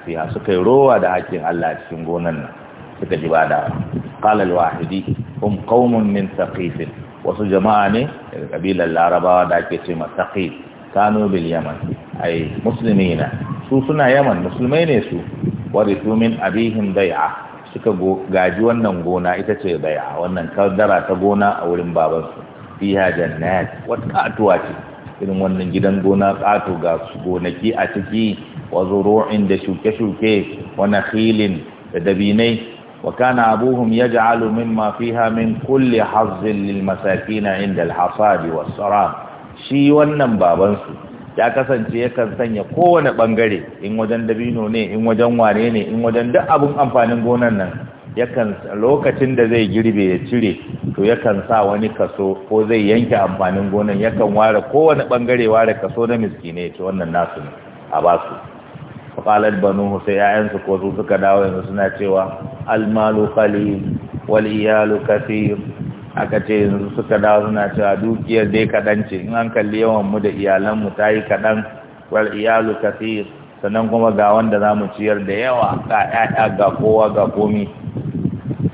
fiha suka rowa da hakkin Allah cikin gonan nan suka ji bada qala al-wahidi hum qaumun min thaqif wasu jama'a ne daga kabilar larabawa da ake ce ma thaqif kanu bil yaman su suna yaman musulmai ne su warisu min abihin bai'a suka gaji wannan gona ita ce bai'a wannan kaddara ta gona a wurin babansu fiha jannat wata katuwa ce irin wannan gidan gona kato ga gonaki a ciki wa zuru'in da shuke-shuke wa nakhilin da dabinai wa kana abuhum yaj'alu mimma fiha min kulli hazzin lil masakin inda al-hasadi was-saram shi wannan babansu ya kasance yakan sanya kowane bangare in wajen dabino ne in wajen ware ne in wajen duk abin amfanin gonan nan yakan lokacin da zai girbe ya cire to yakan sa wani kaso ko zai yanke amfanin gonan yakan ware kowane bangare ware kaso na miskine ce wannan nasu ne a basu faqalat banu sai yayansu ko su suka dawo yanzu suna cewa almalu qalil wal iyalu kathir aka ce yanzu suka dawo suna cewa dukiyar dai kaɗan ce in an kalli yawan mu da iyalanmu ta yi kaɗan wal iyalu kasir sannan kuma ga wanda za mu ciyar da yawa ga ƴaƴa ga kowa ga komi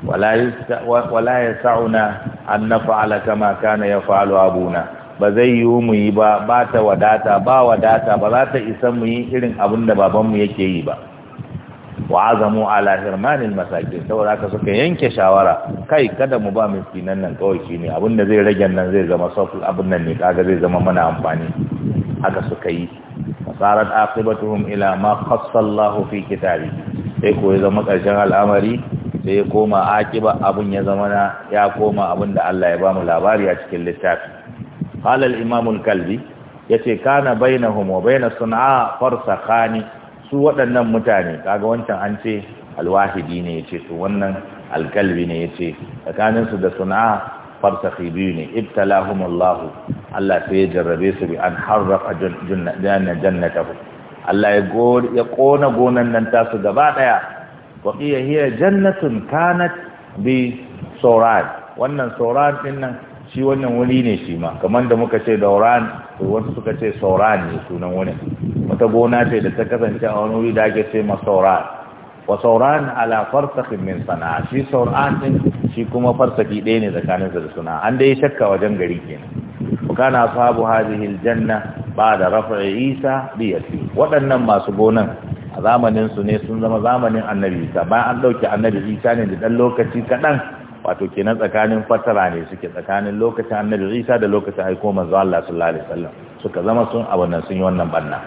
wala ya sa'una an na fa'ala kama kana ya fa'alu abuna ba zai yi mu yi ba ba ta wadata ba wadata ba za ta isa mu yi irin abin da babanmu yake yi ba wa azamu ala hirmanil masakin saboda haka suka yanke shawara kai kada mu ba miskinan nan kawai shine abinda zai rage nan zai zama sofil abin nan ne kaga zai zama mana amfani haka suka yi fasarat aqibatuhum ila ma qassa Allahu fi kitabi sai ko ya zama karshen al'amari sai ya koma akiba abin ya zama na ya koma abun da Allah ya ba mu labari a cikin littafi qala al-imam al-kalbi yace kana bainahum wa bain sun'a farsakhani su waɗannan mutane kaga wancan an ce alwahidi ne ya ce to wannan alkalbi ne ya ce tsakaninsu da suna farsakhi biyu ne ibtalahumallahu Allah Allah sai ya jarrabe su bi an harrafa jannatahu Allah ya ƙona gonar gonan nan tasu gaba daya wa hiya jannatun kanat bi sauran wannan sauran din nan shi wannan wuri ne shi ma kamar da muka ce dauran to wasu suka ce sauran ne sunan wani wata gona ce da ta kasance a wani wuri da ake ce ma sauran wa sauran ala farsaki min sana'a shi sauran din shi kuma farsaki ɗaya ne tsakanin da suna an dai shakka wajen gari kenan kana sabu hadhihi aljanna ba'da raf'i isa bi yasi waɗannan masu gonan a zamanin su ne sun zama zamanin annabi isa bayan an dauke annabi isa ne da dan lokaci kadan wato kenan tsakanin fatara ne suke tsakanin lokacin annabi isa da lokacin aiko manzo Allah sallallahu alaihi wasallam suka zama sun abunan sun yi wannan banna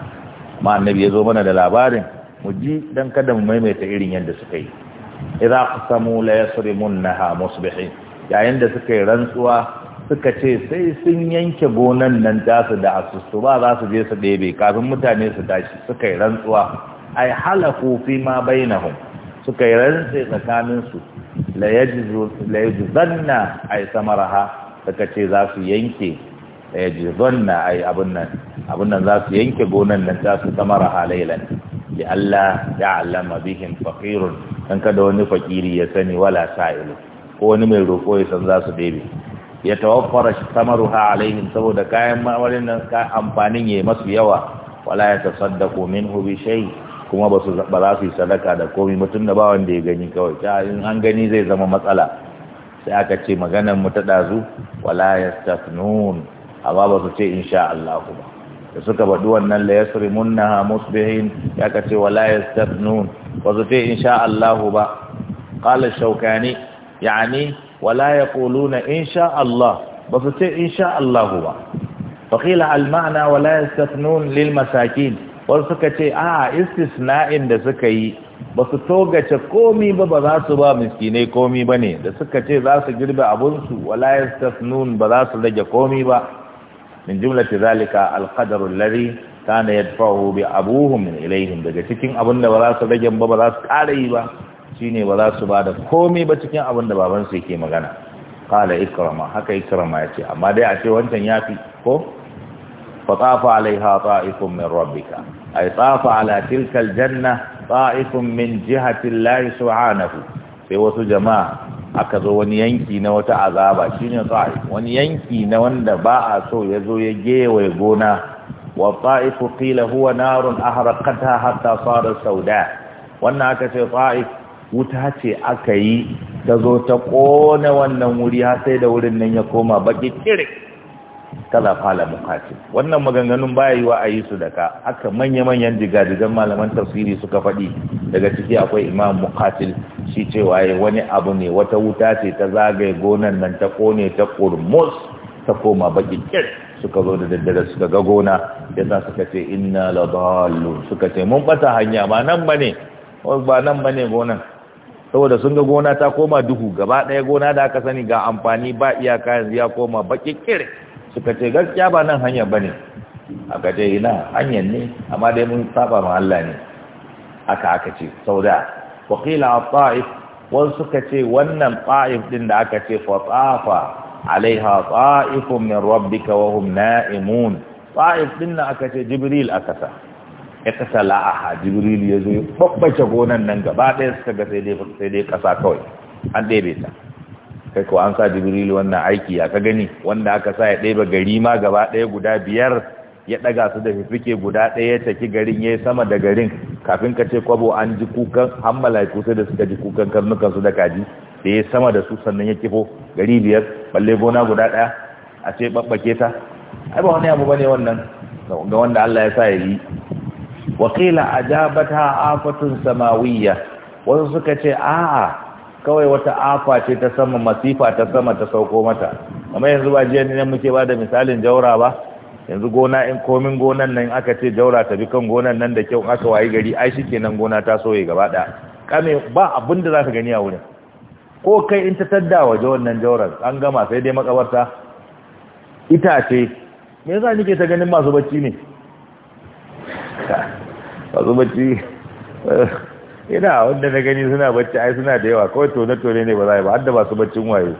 amma annabi ya zo mana da labarin mu ji dan kada mu maimaita irin yadda suka yi idza qasamu la yasrimunha musbihin yayin da suka yi rantsuwa suka ce sai sun yanke gonan nan tasu da asusu ba za su je su ɗebe kafin mutane su tashi suka yi rantsuwa ai halaku fi ma bainahum suka yi rantse tsakaninsu la yajzanna ay samaraha suka ce za su yanke la yajzanna zanna abun nan abin nan za su yanke gonan nan ta su samaraha lailan. da Allah alama bihin fakirun dan kada wani fakiri ya sani wala sa'ilu ko wani mai roƙo ya san za su bebe ya tawaffara samaruha alaihim saboda kayan mawarin nan ka amfanin yayi masu yawa wala ya tasaddaqu min hubi shai kuma ba za su yi sadaka da komi mutum da ba wanda ya gani kawai ta in an gani zai zama matsala sai aka ce maganan mu ta ɗazu wala yastafnun amma ba su ce insha Allah ba da suka baɗi wannan la yasrimunnaha musbihin ya ka ce wala yastafnun ba su ce insha Allah ba qala shaukani yani wala yaquluna insha Allah ba su ce insha Allah ba fa qila al ma'na wala yastafnun lil masakin wasu suka ce a istisna'in da suka yi ba su togace komi ba ba za su ba miskinai komi ba ne da suka ce za su girbe abinsu wala nun ba za su rage komi ba min jumlati zalika na alladhi fa yadfa'u bi min ilaihim daga cikin abin da ba za su rage ba ba za su kare yi ba Shi ne ba za su ba da komi ba cikin abin da babansu yake magana kala ikirama haka ya ce amma dai a ce wancan fi ko فطاف عليها طائف من ربك أي طاف على تلك الجنة طائف من جهة الله سبحانه sai wasu jama'a aka zo wani yanki na wata azaba shine wani yanki na wanda ba a so ya zo ya gewaye gona wa ta'ifu qila huwa narun ahraqatha hatta sara sauda wannan aka ce ta'if wuta ce aka yi tazo zo ta kona wannan wuri har sai da wurin nan ya koma baki kirik kaza fala muqatil wannan maganganun baya yi wa ayi su daga aka manya-manyan jigajigan malaman tafsiri suka faɗi daga ciki akwai imam muqatil shi ce waye wani abu ne wata wuta ce ta zagaye gonan nan ta kone ta kurmus ta koma baki kir suka zo da daddare suka ga gona ya za suka ce inna ladallun suka ce mun bata hanya ba nan bane oh, ba nan bane gonan saboda sun ga gona ta koma duhu gaba ɗaya gona da aka sani ga amfani ba iyaka yanzu ya koma baki kir suka ce gaskiya ba nan hanyar ba ne aka ce ina hanyar ne amma dai mun saba ma Allah ne aka aka ce sau da wakila ta'if wani suka ce wannan ta'if din da aka ce fatsafa alaiha ta'ifun min rabbika wa hum na'imun ta'if din da aka ce jibril aka sa aka sa la'aha jibril ya zo ya babbace gonan nan gaba ɗaya suka ga sai dai kasa kawai an ɗebe ta kai ko an sa Jibril wannan aiki ya ka gani wanda aka sa ya ɗeba gari ma gaba ɗaya guda biyar ya ɗaga su da fifike guda ɗaya ya taki garin ya yi sama da garin kafin ka ce kwabo an ji kukan an mala'iku sai da suka ji kukan karnukan su da kaji da ya sama da su sannan ya kifo gari biyar balle gona guda ɗaya a ce ɓaɓɓake ta ai ba wani abu bane wannan ga wanda Allah ya sa ya yi wakila ajabata afatun samawiyya wasu suka ce a'a kawai wata afa ce ta sama masifa ta sama ta sauko mata amma yanzu ba jiya ne muke ba da misalin jaura ba yanzu gona in komin gonan nan aka ce jaura ta bi kan gonan nan da kyau aka wayi gari ai shi nan gona ta soye gaba daya kame ba abin da zaka gani a wurin ko kai in ta tadda waje wannan jaura, an gama sai dai makabarta itace me yasa nake ta ganin masu bacci ne masu bacci eh, ina wanda na gani suna bacci ai suna da yawa kawai tone tone ne ba za ba har da masu baccin waye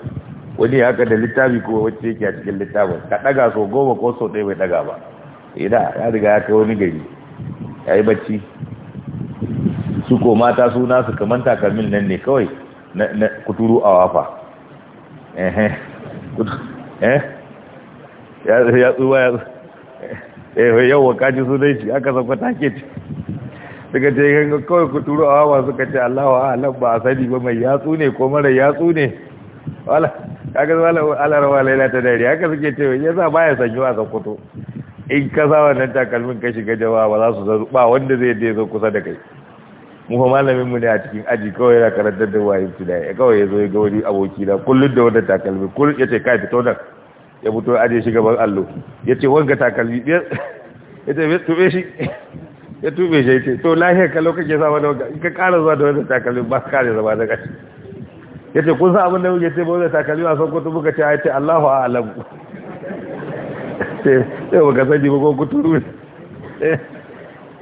wani haka da littafi ko wacce yake a cikin littafin ka daga so goma ko so ɗaya bai daga ba ina ya riga ya kai wani gari ya yi bacci su ko mata su nasu kamar takalmin nan ne kawai na kuturu a wafa tsuwa eh? ya tsuwa ya tsuwa eh, ya yau ya tsuwa ya shi aka tsuwa ya daga je kawai ku turo awa suka ce a a'lam ba sani ba mai yatsu ne ko mara yatsu ne wala kaga wala ala laila ta dare haka suke ce yasa ya sanyo a sakkwato in ka sa wannan takalmin ka shiga jama'a ba za su zaru ba wanda zai da zo kusa da kai mu fa malamin mu ne a cikin aji kawai yana karantar da wayin su da ya kawai ya zo ya ga wani aboki na kullum da wannan takalmin kullum ya ce kai fito nan ya fito aje shi gaban allo ya ce wanga takalmi ya ce tube shi ya tube shi ce to lahiyar ka lokacin sa wani ka ƙara zuwa da wani takalmi ba kare zama da ƙashi ya ce kun sa abin da muke ce ba wani takalmi a sokoto muka ce ya ce allahu a alamu, ce sai baka sani ba ko kuturu eh,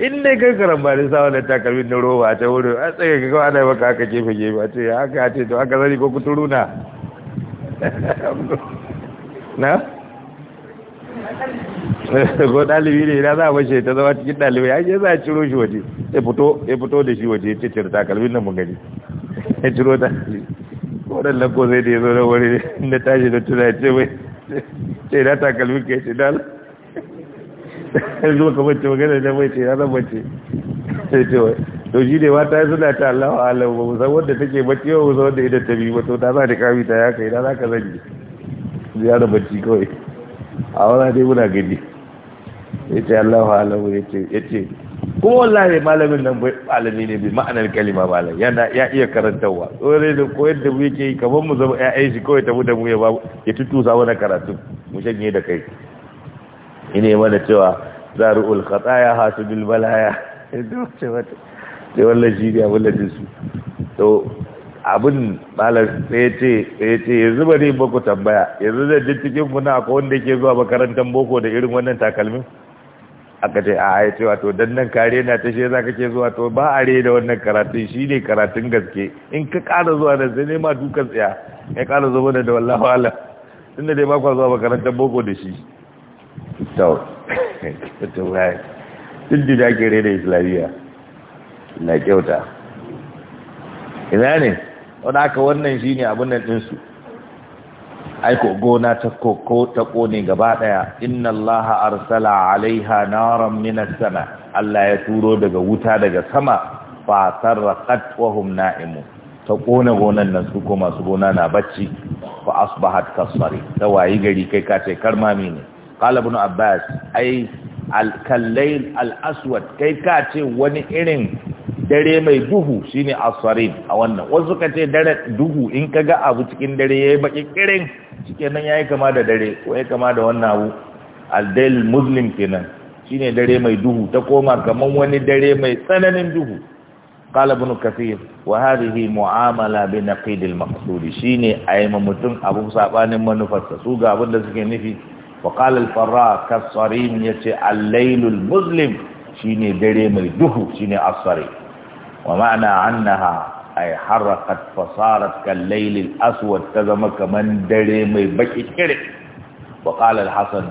in ne, kai karan ba ne sa wani takalmi na roba a ta wurin a tsaye ga kawai ana maka haka gefe gefe a ce haka a ce to haka sani ko ku na na ko dalibi ne ina za a bashe ta zama cikin dalibi ya ce za a ciro shi waje ya fito ya fito da shi waje ya ce cire takalmin nan mun gani ya ciro ta waɗannan ko zai da ya zo na wuri na tashi da tuna ce mai ce na takalmin ka ya ce dal zo kamar ce magana da mai ce ya zama ce sai ce wai to shi ne mata suna ta Allah wa Allah ba musan wanda take bacci ba musan wanda idan ta bi ba to ta za ta kawai ta ya kai na za ka zanji ziyarar bacci kawai a wani dai muna gani ya ce allahu alamu ya ce kuma wallahi malamin nan bai malami ne bi ma'anar kalima malam yana ya iya karantarwa dole ne ko yadda mu yake yi mu zama ƴaƴan shi kawai ta da mu ya babu ya tutusa wani karatu mu shanye da kai ine mana cewa zaru'ul khataya hasibil balaya ce wata ce wallahi shi ne abin da su to abin malam sai yace sai ce yanzu bari in boko tambaya yanzu zai ji cikin na akwai wanda yake zuwa makarantar boko da irin wannan takalmin aka ce a ya wato dan nan kare na ta shi zaka ke zuwa to ba a da wannan karatun shi ne karatun gaske in ka kara zuwa da sai nema dukan tsaya ya kara zuwa da wallahi wala tunda dai ba zuwa makarantar boko da shi to to wai duk da ke rena islamiyya na kyauta ina ne Wani aka wannan shine abin nan ɗinsu aiko gona ta koko ta kone gaba daya inna allaha arsala alaiha naran minas sama Allah ya turo daga wuta daga sama fa sarqat wa hum na'im ta kona gonan nan su ko masu gona na bacci fa asbahat kasari ta wayi gari kai ka ce karmami ne qala ibn abbas ai alkallail al'aswad kai ka ce wani irin dare mai duhu shine asarin a wannan wasu ka ce dare duhu in ka ga abu cikin dare ya yi baƙi ƙirin cikin nan ya yi kama da dare ko ya kama da wannan abu aldel muslim kenan shine dare mai duhu ta koma kamar wani dare mai tsananin duhu bin قال mu'amala كثير mu'amala معامله بنقيض المقصود شيني ايما mutum abin saɓanin manufarsa su ga abin da suke nufi وقال الفراء كالصريم يتي الليل المظلم شيني دري من دهو شيني الصريم ومعنى عنها أي حرقت فصارت كالليل الأسود تزمك من دري من بكي كري وقال الحسن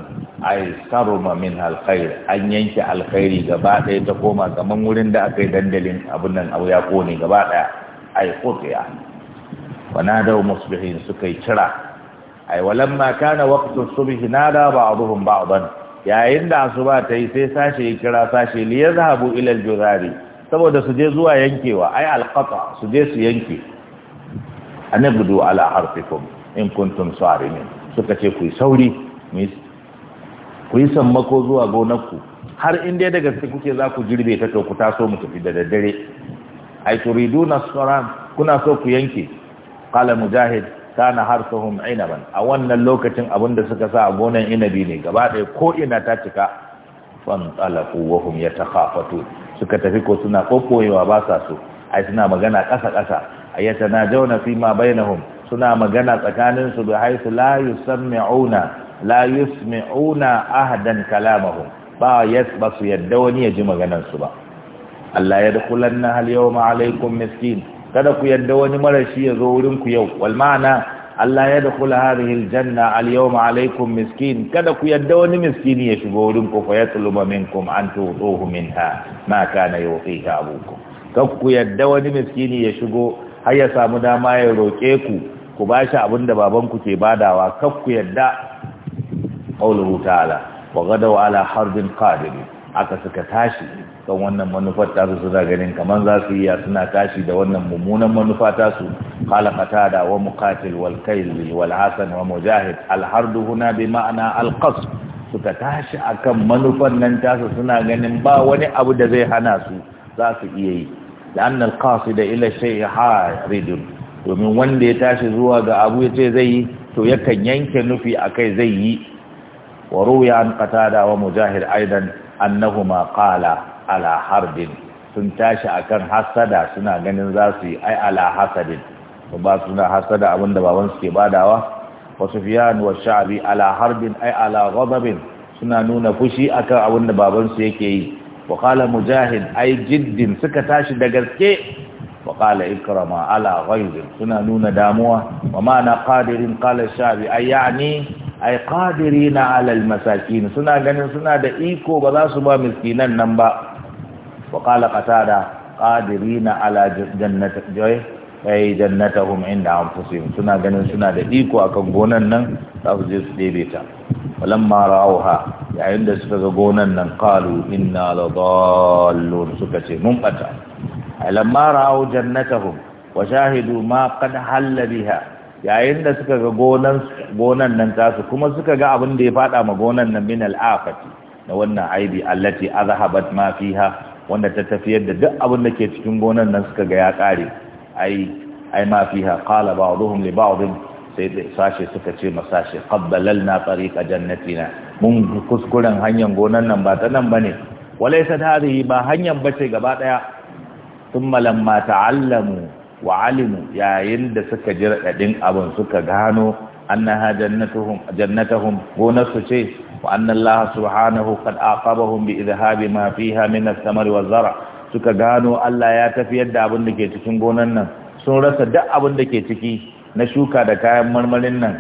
أي سرم منها الخير أن ينشأ الخير قبعد يتقوم كما مرند أكي دندلين أبنا أو يقوني قبعد أي قطع ونادوا مصبحين سكي شرع ai walamma kana waqtu subhi nada ba'dhum ba'dhan yayin da asuba ta yi sai sashe ya kira sashe li yazhabu ila al-juzari saboda su je zuwa yankewa ai al-qata su je su yanke anabdu ala harfikum in kuntum sarimin suka ce ku sauri ku yi sammako zuwa gonarku har in dai daga sai kuke za ku jirbe ta to ku taso mu tafi da daddare ai turiduna saram kuna so ku yanke qala mujahid kana harsuhum inaban a wannan lokacin abinda suka sa a gonan inabi ne gaba ɗaya ko ina ta cika fantsalaku wahum yatakhafatu suka tafi ko suna kokoyewa ba sa so ai suna magana ƙasa ƙasa jauna fi ma bainahum suna magana tsakanin su bi haisu la yusmi'una la yusmi'una ahadan kalamahum ba yasbasu yadda wani ya ji maganar su ba Allah ya dukulanna hal yawma alaikum miskin kada ku yadda wani marashi ya zo wurin ku yau wal ma'ana Allah ya kula hadhihi janna al yawma alaykum miskin kada ku yadda wani miskini ya shigo wurin ku fa yatluba minkum an tuduhu minha ma kana yuqiha abukum kada ku yadda wani miskini ya shigo har ya samu dama ya roke ku ku bashi abin da baban ku ke badawa kada ku yadda qawluhu ta'ala wa gadaw ala harbin qadim aka suka tashi kan wannan manufar tasu suna ganin kamar za su iya suna tashi da wannan mummunan manufa tasu khalaqata da wa muqatil wal kayl wal hasan wa mujahid al hardu huna bi ma'ana al qasd suka tashi akan manufan nan tasu suna ganin ba wani abu da zai hana su za su iya yi لأن القاصد إلى الشيء haridun. domin wanda ya tashi zuwa ga abu ya ce zai yi to yakan yanke nufi akai zai yi wa ruya an qatada wa mujahid aidan annahuma qala ala harbin sun tashi akan hasada suna ganin za su yi ai ala hasadin ba suna hasada abinda baban su ke badawa wa sufyan wa sha'bi ala harbin ai ala ghadabin suna nuna fushi akan abinda baban su yake yi wa mujahid ai jiddin suka tashi da gaske wa qala ikrama ala ghaizin suna nuna damuwa wa ma'ana kadirin qala sha'bi ai yani ai kadiri na al masakin suna ganin suna da iko ba za su ba miskinan nan ba وقال قتادة قادرين على جنة جوي ai jannatahum inda anfusihim suna ganin suna da iko akan gonan nan za su je su ɗebe ta walamma ra'awha yayin da suka ga gonan nan qalu inna ladallun suka ce shahidu ma halla yayin da suka ga gonan nan tasu kuma suka ga abin da ya fada ma gonan nan min al'afati na wannan aibi allati azhabat ma fiha wanda ta tafiyar da duk abin da ke cikin gonar nan suka ga ya kare ai ai ma fiha qala ba'dhum li ba'd sai sashe suka ce ma sashe qabbalalna tariqa na. mun kuskuren hanyar gonar nan ba ta nan bane walaysa hadhihi ba hanyar bace gaba daya thumma lamma ta'allamu wa alimu yayin da suka ji raɗaɗin abin suka gano annaha jannatuhum jannatuhum gonarsu ce وأن الله سبحانه قد عاقبهم بإذهاب ما فيها من الثمر والزرع suka gano Allah ya tafiyar da abin da ke cikin gonan nan sun rasa duk abin da ke ciki na shuka da kayan marmarin nan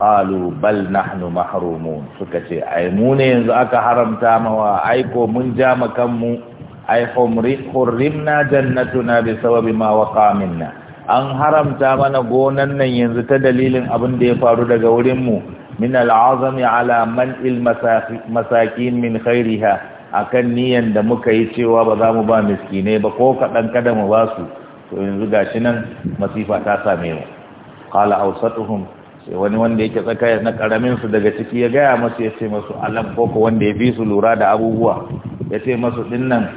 qalu bal nahnu mahrumun suka ce ai mu ne yanzu aka haramta mawa ai ko mun ja makan mu ai hurrimna jannatuna bi sababi ma waqa minna an haramta mana gonan nan yanzu ta dalilin abin da ya faru daga wurin mu min العظم على من المساكين masakin min akan niyan da muka yi cewa ba za mu ba miskine ba ko kaɗan kada mu ba su to yanzu gashi nan masifa ta same mu qala awsatuhum sai wani wanda yake tsaka na karamin su daga ciki ya gaya masu ya ce masu alam ko ko wanda ya bi su lura da abubuwa ya ce masu dinnan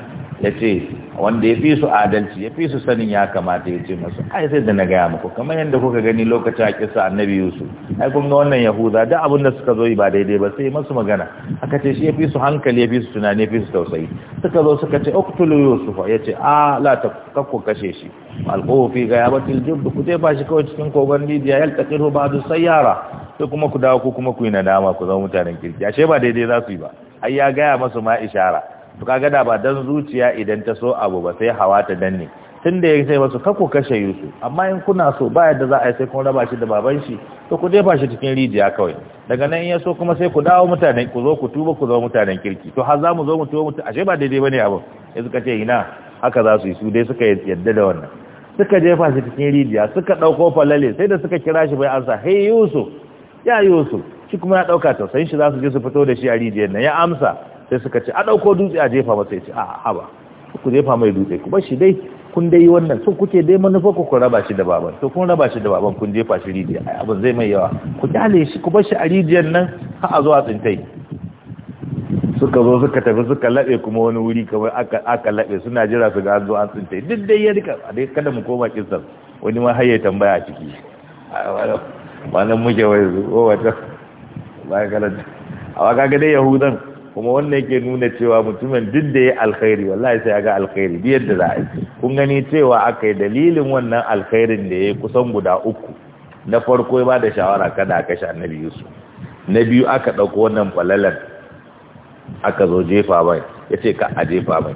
ya ce wanda ya fi su adalci ya fi su sanin ya kamata ya ce masu ai sai da na gaya muku kamar yadda kuka gani lokacin a kisa annabi yusuf ai kuma wannan yahuda da abin da suka zo yi ba daidai ba sai masu magana aka ce shi ya fi su hankali ya fi su tunani ya fi su tausayi suka zo suka ce uktulu yusuf ya ce a la ta kakko kashe shi alqahu fi ghayabatil jubb ku dai ba shi kawai cikin kogon lidiya ba ba'du sayyara sai kuma ku dawo ku kuma ku yi nadama ku zama mutanen kirki ashe ba daidai za su yi ba ai ya gaya masu ma ishara to kaga da ba dan zuciya idan ta so abu ba sai hawa ta danne tun da ya sai wasu kako kashe yusu amma in kuna so ba yadda za a yi sai kun raba shi da baban shi to ku jefa shi cikin rijiya kawai daga nan in ya so kuma sai ku dawo mutanen ku zo ku tuba ku zama mutanen kirki to har za mu zo mu tuba mutu ashe ba daidai bane abu sai suka ce ina haka za su yi su dai suka yadda da wannan suka jefa shi cikin rijiya suka dauko falale sai da suka kira shi bai ansa hey yusuf ya yusuf shi kuma ya ɗauka tausayin shi za su je su fito da shi a rijiyar nan ya amsa sai suka ce a ɗauko dutse a jefa masa ya ce a haba ku jefa mai dutse ku bar shi dai kun dai yi wannan sun kuke dai manufa ku raba shi da baban to kun raba shi da baban kun jefa shi rijiya ai abin zai mai yawa ku kyale shi ku bar shi a rijiyar nan har a zo a tsintai suka zo suka tafi suka laɓe kuma wani wuri kamar aka laɓe suna jira su ga zuwa tsintai duk dai ya rika a dai kada mu koma kisan wani ma har ya tambaya a ciki wannan muke wai zuwa wata ba karanta a waka ga dai yahudan kuma wannan yake nuna cewa mutumin duk da ya alkhairi wallahi sai ya ga alkhairi bi yadda za a yi kun gani cewa aka dalilin wannan alkhairin da ya kusan guda uku na farko ya ba da shawara kada a kashe annabi yusu na biyu aka ɗauko wannan falalar aka zo jefa mai ya ka a jefa mai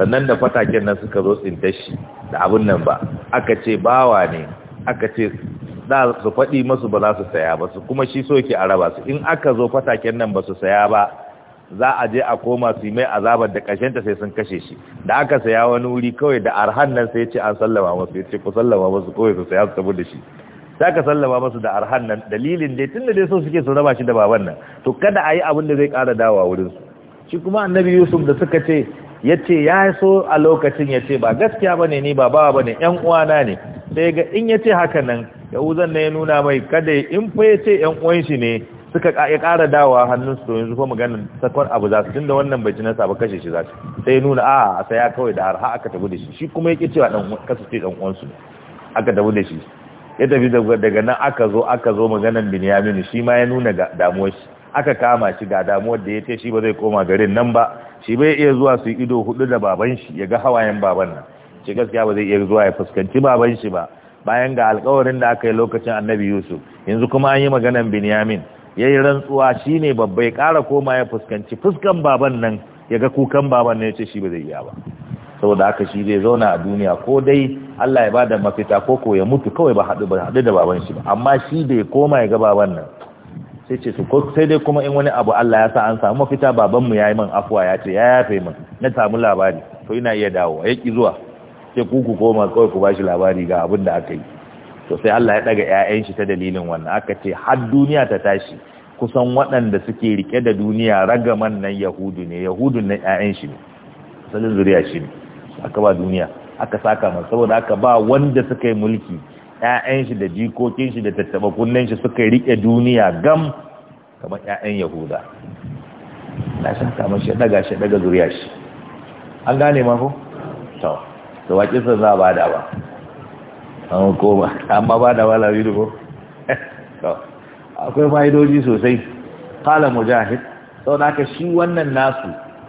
sannan da fataken nan suka zo tsintashi da abin nan ba aka ce bawa ne aka ce za su faɗi masu ba za su saya ba su kuma shi soke a raba su in aka zo fataken nan ba su saya ba za a je a koma su mai azabar da ƙashenta sai sun kashe shi da aka saya wani wuri kawai da arhan nan sai ce an sallama masu ya ce ku sallama masu kawai su saya su tabu da shi sai ka sallama masu da arhan nan dalilin dai tun da dai so suke su raba shi da baban nan to kada a yi abin da zai ƙara dawa wurin su shi kuma annabi yusuf da suka ce ya ce ya so a lokacin ya ce ba gaskiya ba ne ni ba bawa ba ne ‘yan uwana ne sai ga in ya ce haka nan yahuzan na ya nuna mai kada in fa ya ce ‘yan uwan shi ne suka ya ƙara dawa hannun su yanzu ko maganin sakon abu za su tunda wannan bai ci nasa ba kashe shi za su sai nuna a a saya kawai da harha aka tabu da shi shi kuma yake cewa dan kasu ce dan uwansu aka tabu da shi ya tafi daga nan aka zo aka zo maganan Binyamin shi ma ya nuna ga damuwar shi aka kama shi ga damuwar da ya ce shi ba zai koma garin nan ba shi bai iya zuwa su ido hudu da baban shi ya ga hawayen baban nan ce gaskiya ba zai iya zuwa ya fuskanci baban shi ba bayan ga alkawarin da aka yi lokacin annabi yusuf yanzu kuma an yi maganan binyamin ya yi rantsuwa shi ne babba ya ƙara koma ya fuskanci fuskan baban nan ya ga kukan baban nan ya ce shi ba zai iya ba saboda aka shi zai zauna a duniya ko dai Allah ya ba da mafita ko ko ya mutu kawai ba haɗu da baban shi ba amma shi da ya koma ya ga baban nan sai ce su sai dai kuma in wani abu Allah ya sa an samu mafita baban mu yi min afuwa ya ce ya yafe min na samu labari to ina iya dawo ya ki zuwa sai ku ku koma kawai ku bashi labari ga abin da aka yi to sai Allah ya daga ƴaƴan shi ta dalilin wannan aka ce har duniya ta tashi kusan waɗanda suke rike da duniya ragaman nan yahudu ne yahudun nan ƴaƴan shi ne asalin zuriya shi ne aka ba duniya aka saka masa saboda aka ba wanda suka yi mulki ƴaƴan shi da jikokin shi da tattaba kullun shi suka rike duniya gam kamar ƴaƴan yahuda na saka shi daga shi daga zuriya shi an gane ma ko to da waƙinsa za ba da ba an koma amma ba da wala yi ko akwai fa'idoji sosai qala mujahid da haka shi wannan nasu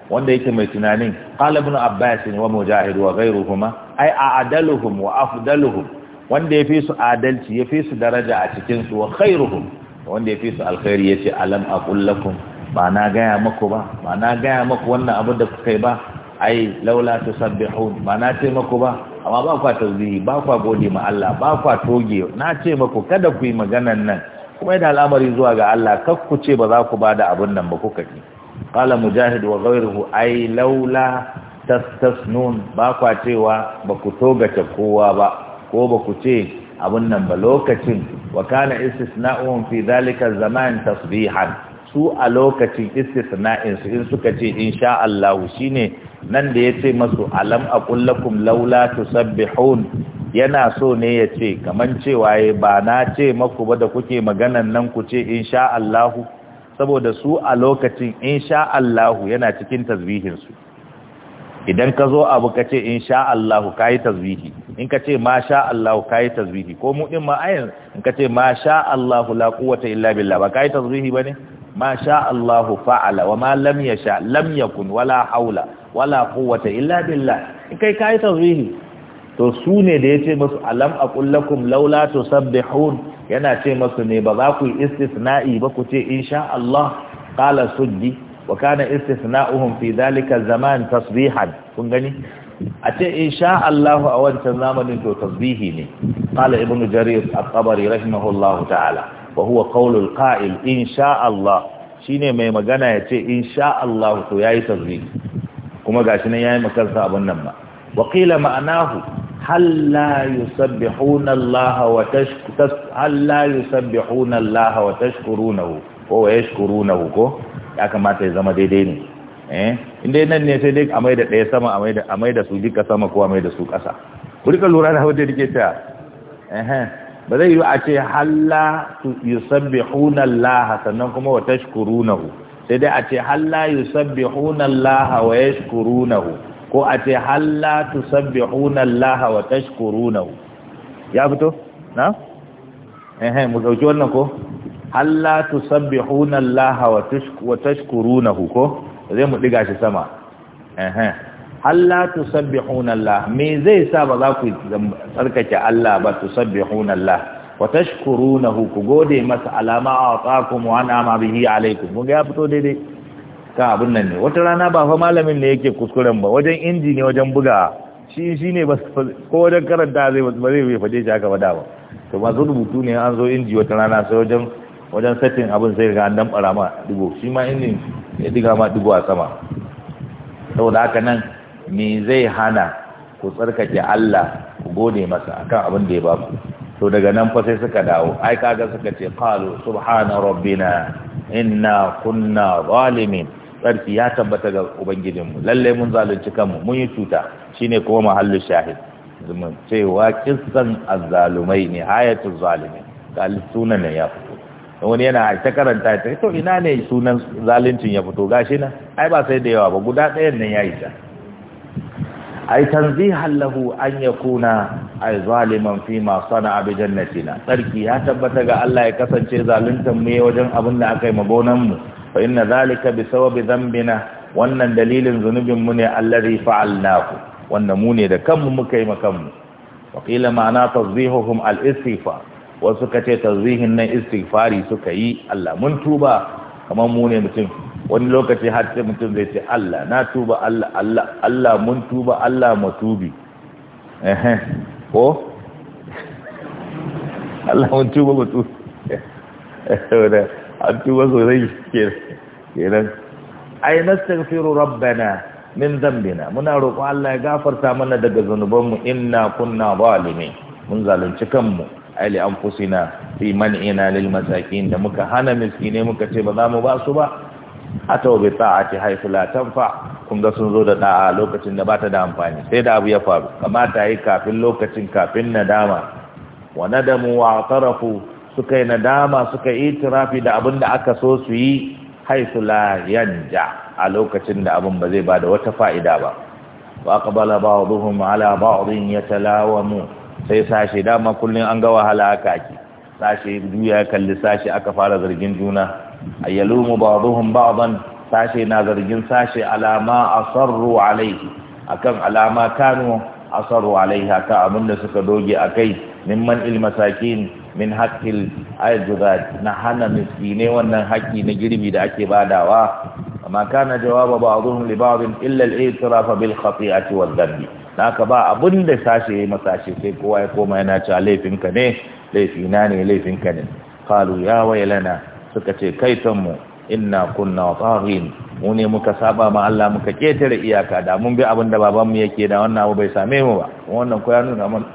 wanda yake mai tunanin qala ibn abbas wa mujahid wa ghayruhuma ai a'daluhum wa afdaluhum wanda yafi su adalci yafi su daraja a cikin su wa khairuhum wanda yafi su alkhairi yace alam aqul lakum ba na gaya maku ba ba na gaya maku wannan abin da kuka yi ba ai laula tusabbihun ba na ce maku ba amma ba kwa tauzihi ba kwa gode ma Allah ba kwa toge na ce maku kada ku yi maganan nan kuma da al'amari zuwa ga Allah kar ku ce ba za ku bada abin nan ba kuka kaji qala mujahid wa ghayruhu ay laula tastasnun ba kwa cewa ba ku ta kowa ba ko ba ku ce abin nan ba lokacin wa kana istisna'un fi zalika zaman tasbihan su a lokacin istisna'in su in suka ce insha Allah shine nan da ya ce masu alam a kullakum laula tusabbihun yana so ne ya ce Kamar cewa ya eh, ba na ce maku ba da kuke maganan nan ku ce insha Allahu saboda su a lokacin insha Allahu yana cikin tasbihinsu. idan ka zo abu ka ce insha Allahu yi tasbihi in ka ce masha Allahu yi tasbihi ko mu in ma in ka ce masha Allahu la kuwata illa billah ba yi tasbihi ba ne? masha Allahu fa'ala wa ma lam yasha lam yakun wala haula wala quwwata illa billah in kai kai tasbihi to su ne da yace musu alam aqul lakum laula tusabbihun yana ce musu ne ba za ku yi istisna'i ba ku ce insha Allah qala suddi wa kana istisna'uhum fi dhalika zaman tasbihan kun gani a ce insha Allah a wancan zamanin to tasbihi ne qala ibnu jarir al-qabari rahimahullahu ta'ala wa huwa qawlul qa'il insha Allah shine mai magana yace insha Allah to yayi tasbihi kuma gashi nan yayi makansa abun nan ba wa qila ma'anahu halla yusabbihuna Allah wa hal halla yusabbihuna Allah wa tashkurunahu ko wa yashkurunahu ko ya kamata ya zama daidai ne eh inda nan ne sai dai a da ɗaya sama a da a da su duka sama ko a da su ƙasa ku rika lura da wanda yake ta eh ba zai yi a ce la yusabbihuna Allah sannan kuma wa tashkurunahu sai dai a ce halla yusabbihuna Allah wa hu" ko a ce halla tusabbihuna Allah wa hu" ya fito na ehe mu dauki wannan ko halla tusabbihuna Allah wa hu" ko zai mu diga shi sama ehe halla hunan lahawa me zai sa ba za ku tsarkake Allah ba tu hunan lahawa wa tashkurunahu ku gode masa alama a atakum wa an'ama bihi alaikum mun ga ya fito daidai ka abun nan ne wata rana ba fa malamin ne yake kuskuren ba wajen inji ne wajen buga shi shi ne ba ko wajen karanta zai ba zai bai faɗe shi haka ba dawa to masu rubutu ne an zo inji wata rana sai wajen wajen setting abin sai ga an damɓara ma dubo shi ma inji ya diga ma dubo a sama saboda haka nan me zai hana ku tsarkake Allah ku gode masa akan abin da ya ba ku to daga nan fa sai suka dawo ai kaga suka ce qalu subhana rabbina inna kunna zalimin ƙarfi ya tabbata ga ubangijin mu lalle mun zalunci kanmu mun yi cuta shine kuma mahallu shahid zumun cewa kissan azzalumai ne hayatu zalimi ga sunan ne ya fito wani yana ta karanta ta to ina ne sunan zaluncin ya fito gashi na ai ba sai da yawa ba guda ɗayan nan ya yi ta ai tanzihan lahu an yakuna ai zaliman fi ma sana'a bi jannatina sarki ya tabbata ga Allah ya kasance zaluntan mu wajen abin da aka yi mabonan mu fa inna zalika bi sababi dhanbina wannan dalilin zunubin mu ne allazi fa'alnahu Wannan mu ne da kanmu muka yi makan mu wa qila ma'ana tazihuhum al istighfar wasu kace tazihin nan istighfari suka yi Allah mun tuba kamar mu ne mutum wani lokaci har sai mutum zai ce Allah na tuba Allah Allah Allah mun tuba Allah tubi eh ko Allah mun tuba mu matubi an tuba sosai kenan ai nastaghfiru rabbana min dhanbina muna roƙon Allah ya gafarta mana daga zanubanmu inna kunna zalimin mun zalunci kanmu ali anfusina fi man'ina lil masakin da muka hana miskine muka ce ba za mu ba su ba atau bi ta'ati haythu la tanfa kun ga sun zo da da'a lokacin da bata da amfani sai da abu ya faru kamata yi kafin lokacin kafin nadama wa nadamu wa tarafu suka yi nadama suka yi tirafi da abin da aka so su yi haythu la yanja a lokacin da abin ba zai bada wata fa'ida ba wa aqbala ba'dhum ala ba'dhin mu. sai sashi dama kullun an ga wahala aka ake sashi duya kalli sashi aka fara zargin juna ayyalumu ba'dhum ba'dan sashe na zargin sashe alama asarru alaihi akan alama kanu asarru alaiha ka abinda suka doge a kai mimman ilmasakin min haqqil ajzad na hana ne wannan haƙƙi na girbi da ake badawa amma kana jawaba ba'dhum li illal illa al-i'tiraf a ciwon wal Na naka ba da sashe ya masashe sai kowa ya koma yana cewa laifinka ne laifina ne laifinka ne Kalu ya wailana. suka ce kaitonmu inna kunna taghin mu ne muka saba ma Allah muka ketare iyaka da mun bi abin da babanmu yake da wannan abu bai same mu ba wannan ko ya nuna mana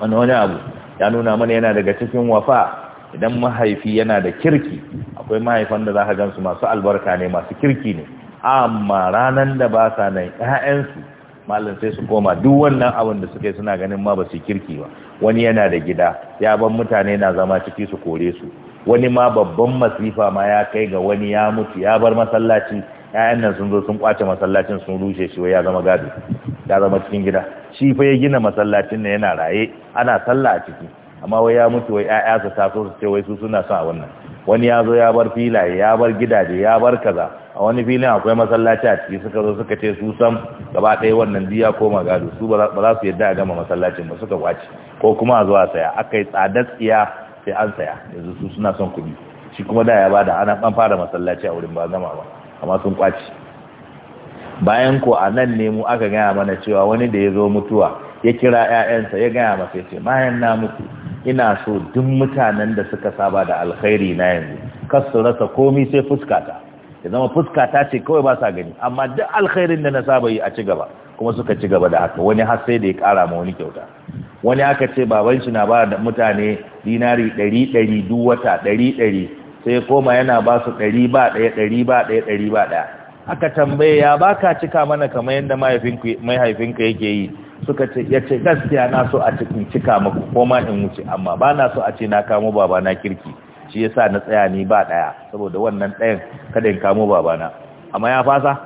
wani wani abu ya nuna mana yana daga cikin wafa idan mahaifi yana da kirki akwai mahaifan da za ka gansu masu albarka ne masu kirki ne amma ranar da ba sa nan ƴaƴansu mallan sai su koma duk wannan abin da suke suna ganin ma ba su kirki ba wani yana da gida ya ban mutane na zama ciki su kore su wani ma babban masifa ma ya kai ga wani ya mutu ya bar masallaci 'ya'yan nan sun zo sun kwace masallacin sun rushe shi wai ya zama gado ya zama cikin gida shi fa ya gina masallacin nan yana raye ana sallah a ciki amma wai ya mutu wai ƴaƴa su taso su ce wai su suna son a wannan wani ya zo ya bar filaye ya bar gidaje ya bar kaza a wani filin akwai masallaci a ciki suka zo suka ce su san gaba ɗaya wannan biya ko gado su ba za su yadda a gama masallacin ba suka kwace ko kuma a zuwa saya aka yi tsadar tsiya sai an saya yanzu su suna son kuɗi shi kuma da ya bada ana an fara masallaci a wurin ba gama ba amma sun kwaci bayan ko a nan ne aka gaya mana cewa wani da ya zo mutuwa ya kira 'ya'yansa ya gaya masa ya ce mayan na mutu ina so duk mutanen da suka saba da alkhairi na yanzu kar su rasa komi sai fuskata ya zama fuska ta ce kawai ba sa gani amma duk alkhairin da na saba yi a ci gaba kuma suka ci gaba da haka wani har sai da ya kara ma wani kyauta wani aka ce baban shi na ba da mutane dinari ɗari ɗari duk wata ɗari ɗari sai koma yana ba su ɗari ba ɗaya ɗari ba ɗaya ɗari ba ɗaya aka tambaye ya baka cika mana kamar yadda mahaifinka yake yi suka ce ya ce gaskiya na so a cikin cika maku koma in wuce amma ba na so a ce na kamo babana kirki shi yasa na tsaya ni ba ɗaya saboda wannan ɗayan kada in kamo babana amma ya fasa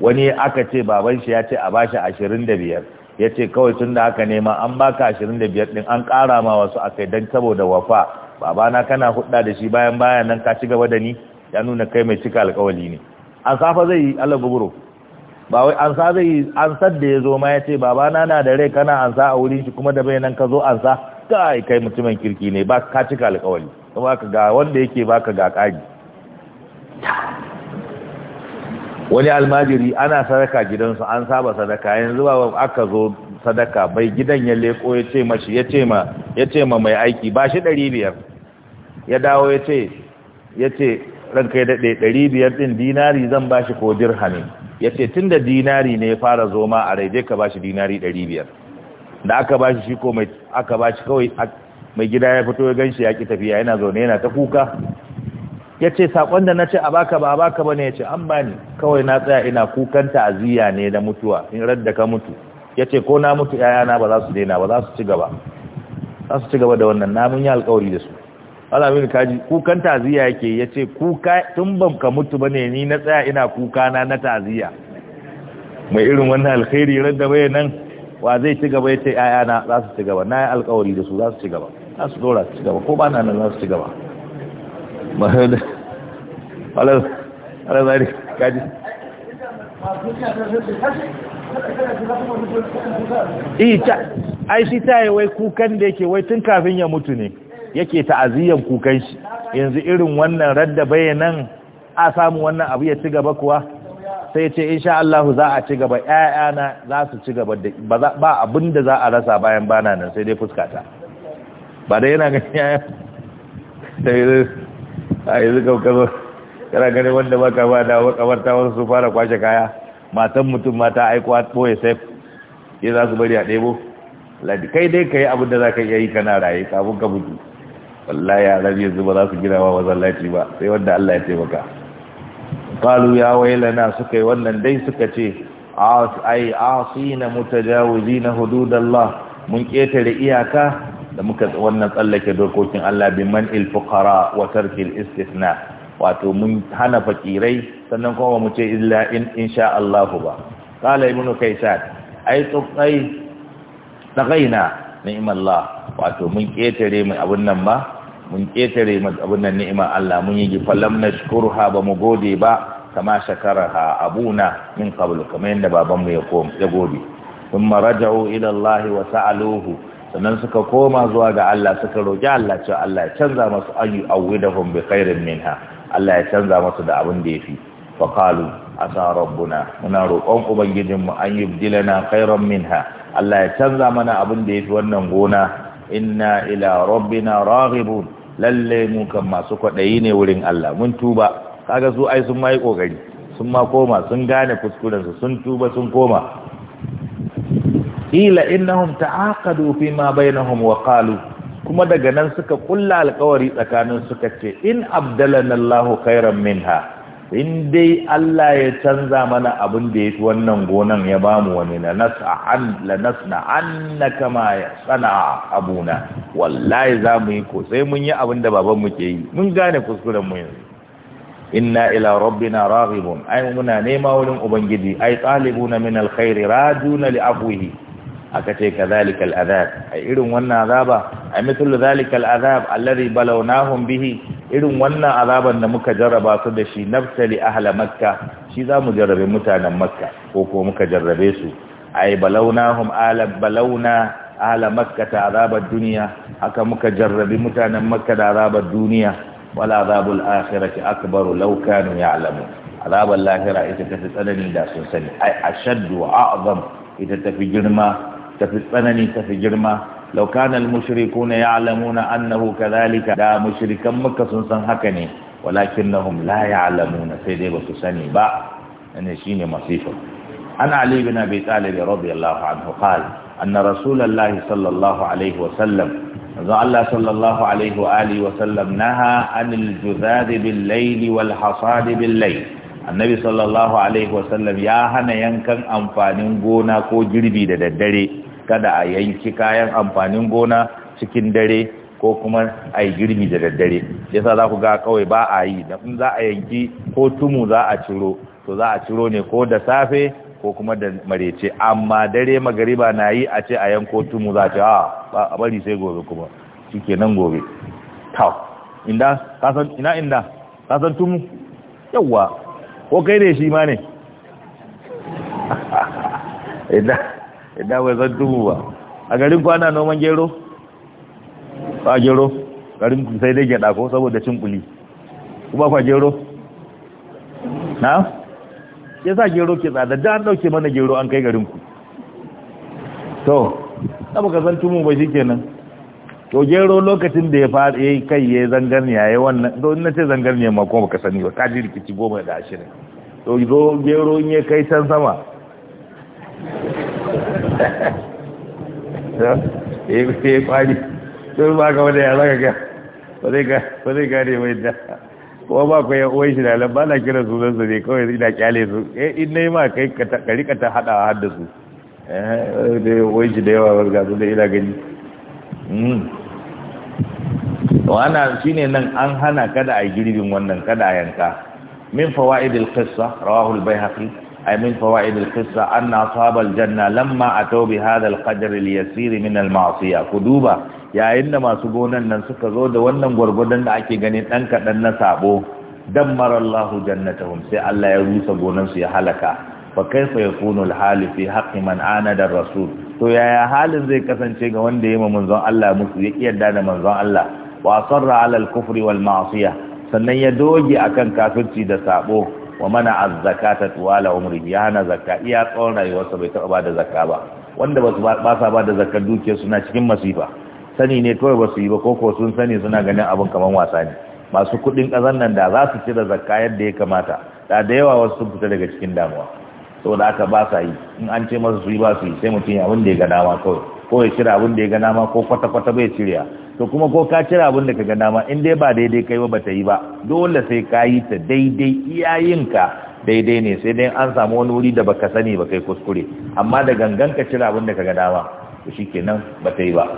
wani aka ce baban shi ya ce a bashi 25 yace kawai tun da haka nema an baka 25 din an kara ma wasu kai dan saboda wafa babana kana hudda da shi bayan bayan nan ka ci da ni ya nuna kai mai cika alkawali ne an safa zai Allah guburo ba wai an sa zai an ya zo ma ya ce babana na da rai kana ansa a wurin shi kuma da bai nan ka zo an sa kai kai mutumin kirki ne ba ka cika alkawali ka ga wanda yake baka ga ƙari wani almajiri ana sadaka gidansu an saba sadaka yanzu ba aka zo sadaka bai gidan ya leko ya ce ma mai aiki ba shi ɗari biyar ya dawo ya ce ya ce ranka ya daɗe ɗari biyar ɗin dinari zan ba shi ko dirhami ya ce tun da dinari ne ya fara zoma a rai ka ba shi dinari ɗari biyar da aka ba shi shi ko mai aka ba shi kawai mai gida ya fito ya ganshi ya ki tafiya yana zaune yana ta kuka ya ce saƙon da na ce a baka ba a baka ba ne ya ce an ni. kawai na tsaya ina kukan ta'aziyya ne na mutuwa in radda ka mutu ya ce ko na mutu na ba za su daina ba za su ci gaba za su ci gaba da wannan namun yi alkawari da su alamin kaji kukan ta'aziyya yake ya ce kuka tun ban ka mutu ba ne ni na tsaya ina kuka na na ta'aziyya mai irin wannan alkhairi radda bai nan wa zai ci gaba ya ce na? za su ci gaba na yi alkawari da su za su ci gaba za su dora su gaba ko ba na nan za su ci gaba ala zari kaji ita eh, ai shi ta yi wai kukan da yake wai tun kafin ya mutu ne yake ta'aziyyar kukan shi yanzu irin wannan radda bayanan a samu wannan abu ya ci gaba kuwa sai ce insha Allahu za a ci gaba ƴaƴana za su ci gaba ba abin da za a rasa bayan bana nan sai dai fuskata ba da yana ganin yaya da yanzu a zuka kazo yana ganin wanda ba ka ba da kamarta wasu su fara kwashe kaya matan mutum mata aiko a ɓoye sef ya za su bari a ɗebo ladi kai dai ka yi abin da za ka iya yi kana raye kafin ka mutu wallahi a rabi yanzu ba za su gina wa masallaci ba sai wanda Allah ya taimaka Kalu ya wailana suka yi wannan dai suka ce ai asina mutajawizina hududallah mun ketare iyaka da muka wannan tsallake dokokin Allah bi man il fuqara wa tarkil istithna wato mun hana fakirai sannan kuma mu ce illa in insha Allah ba qala ibn kaysat ai tsai tagaina ni'mallah wato mun ketare mu abun nan ba mun ketare mu abun nan ni'imar Allah mun yi falam nashkurha ba mu gode ba kama shakaraha abuna min qablu kamar yadda babanmu ya koma ya gode ثم رجعوا إلى الله وسألوه sannan suka koma zuwa ga Allah suka roƙi Allah cewa Allah ya canza masu ayu awwidahum bi khairin minha Allah ya canza masu da abin da yafi fa qalu asa rabbuna muna roƙon ubangijin mu an yubdilana khairan minha Allah ya canza mana abin da yafi wannan gona inna ila rabbina raghibun lalle mu kan masu kwaɗayi ne wurin Allah mun tuba kaga su ai sun mai kokari sun ma koma sun gane kuskurensu sun tuba sun koma ila innahum ta'aqadu fi ma bainahum wa qalu kuma daga nan suka kulla alkawari tsakanin suka ce in abdalana Allahu khairan minha in dai Allah ya canza mana abin da ya wannan gonan ya bamu wani na nas'a an la nasna annaka ma sana abuna wallahi za mu yi ko sai mun yi abin da baban mu ke yi mun gane kuskuren mu yanzu inna ila rabbina raghibun ai muna nema wurin ubangiji ai talibuna min alkhairi rajuna li afwihi aka ce ka zalikal azab a irin wannan azaba a mithlu zalikal azab alladhi balawnahum bihi irin wannan azaban da muka jarraba su da shi naftali ahla makka shi za mu jarrabe mutanen makka ko ko muka jarrabe su ay balawnahum ala balawna ahla makka ta azabar duniya haka muka jarrabi mutanen makka da azabar duniya wala azabul akhirati akbaru law kanu ya'lamun azabar lahira ita ta tsanani da sun sani ay ashaddu wa a'zam ita ta fi girma tafi tsanani tafi girma law kana al mushrikuna ya'lamuna annahu kadhalika da mushrikan makka sun san haka ne na walakinnahum la ya'lamuna sai dai ba su sani ba ne shine masifa ana ali bin abi talib radiyallahu anhu qala anna rasulullahi sallallahu alaihi wa sallam manzo Allah sallallahu alaihi wa alihi wa sallam naha anil juzad bil layl wal hasad bil layl annabi sallallahu alaihi wa sallam ya hana yankan amfanin gona ko girbi da daddare kada a yanki kayan amfanin gona cikin dare ko kuma a yi girbi da daddare yasa za ku ga kawai ba a yi da za a yanki ko tumu za a ciro to za a ciro ne ko da safe ko kuma da marece amma dare magariba na yi a ce a yanko tumu za a ce ah, a bari sai gobe kuma ke nan gobe tau inda kasan ina inda kasan tumu yawwa ko kai ne shi ma ne ya dawo ya zartubu ba a garin kwana noman gero ba gero garin sai dai gyada ko saboda cin kuli kuma kwa gero na ya sa gero ke tsada da an dauke mana gero an kai garin ku to na baka san tumu ba shi kenan? to gero lokacin da ya fara ya kai yayi zangarniya yi wannan to ce nace zangarniya ma ko baka sani ba kaji rikici goma da ashirin to zo gero in ya kai can sama ya yi kwari sun ba ka wanda ya zaka ga ba zai gane mai da kuma ba ku yan uwan shi da ba na kira sunan su ne kawai ina kyale su eh, in na yi ma kai ka rika ta hada a hada su eh, da uwan shi da yawa ba su da ina gani wana hmm. ne nan an hana kada a girbin wannan kada a yanka min fawaidil qissa rawahu al-baihaqi أي من فوائد القصة أن أصحاب الجنة لما أتوا بهذا القدر اليسير من المعصية كدوبة يا إنما سبونا ننسك زود ونن غرغدن أكي غنين أنك أن سابو دمر الله جنتهم سي الله يروس غنم سي حلقة فكيف يكون الحال في حق من عاند الرسول تو يا حال زي كسانشي ga wanda yayi manzon Allah musu ya kiyarda da manzon Allah wa asarra ala al-kufri wal ma'siyah sannan ya doge akan kafirci da sabo wa mana azzakata tuwala umri ya hana zakka iya tsawon sa bai taɓa bada zakka ba wanda basu ba sa bada zakkar dukiyar suna cikin masifa sani ne kawai ba su yi ba koko sun sani suna ganin abin kamar wasa ne masu kuɗin ƙasar nan da za su cire zakka yadda ya kamata da da yawa wasu sun fita daga cikin damuwa saboda aka ba sa yi in an ce masu su yi ba su yi sai mutum ya abin da ya ga dama kawai ko ya cire abin da ya ga dama ko kwata-kwata bai cirewa to kuma ko ka cire abin da kaga dama in dai ba daidai kai ba bata yi ba dole sai ka yi ta daidai iyayenka daidai ne sai dai an samu wani wuri da baka sani ba kai kuskure amma da gangan ka cire abin da kaga dama to shikenan bata yi ba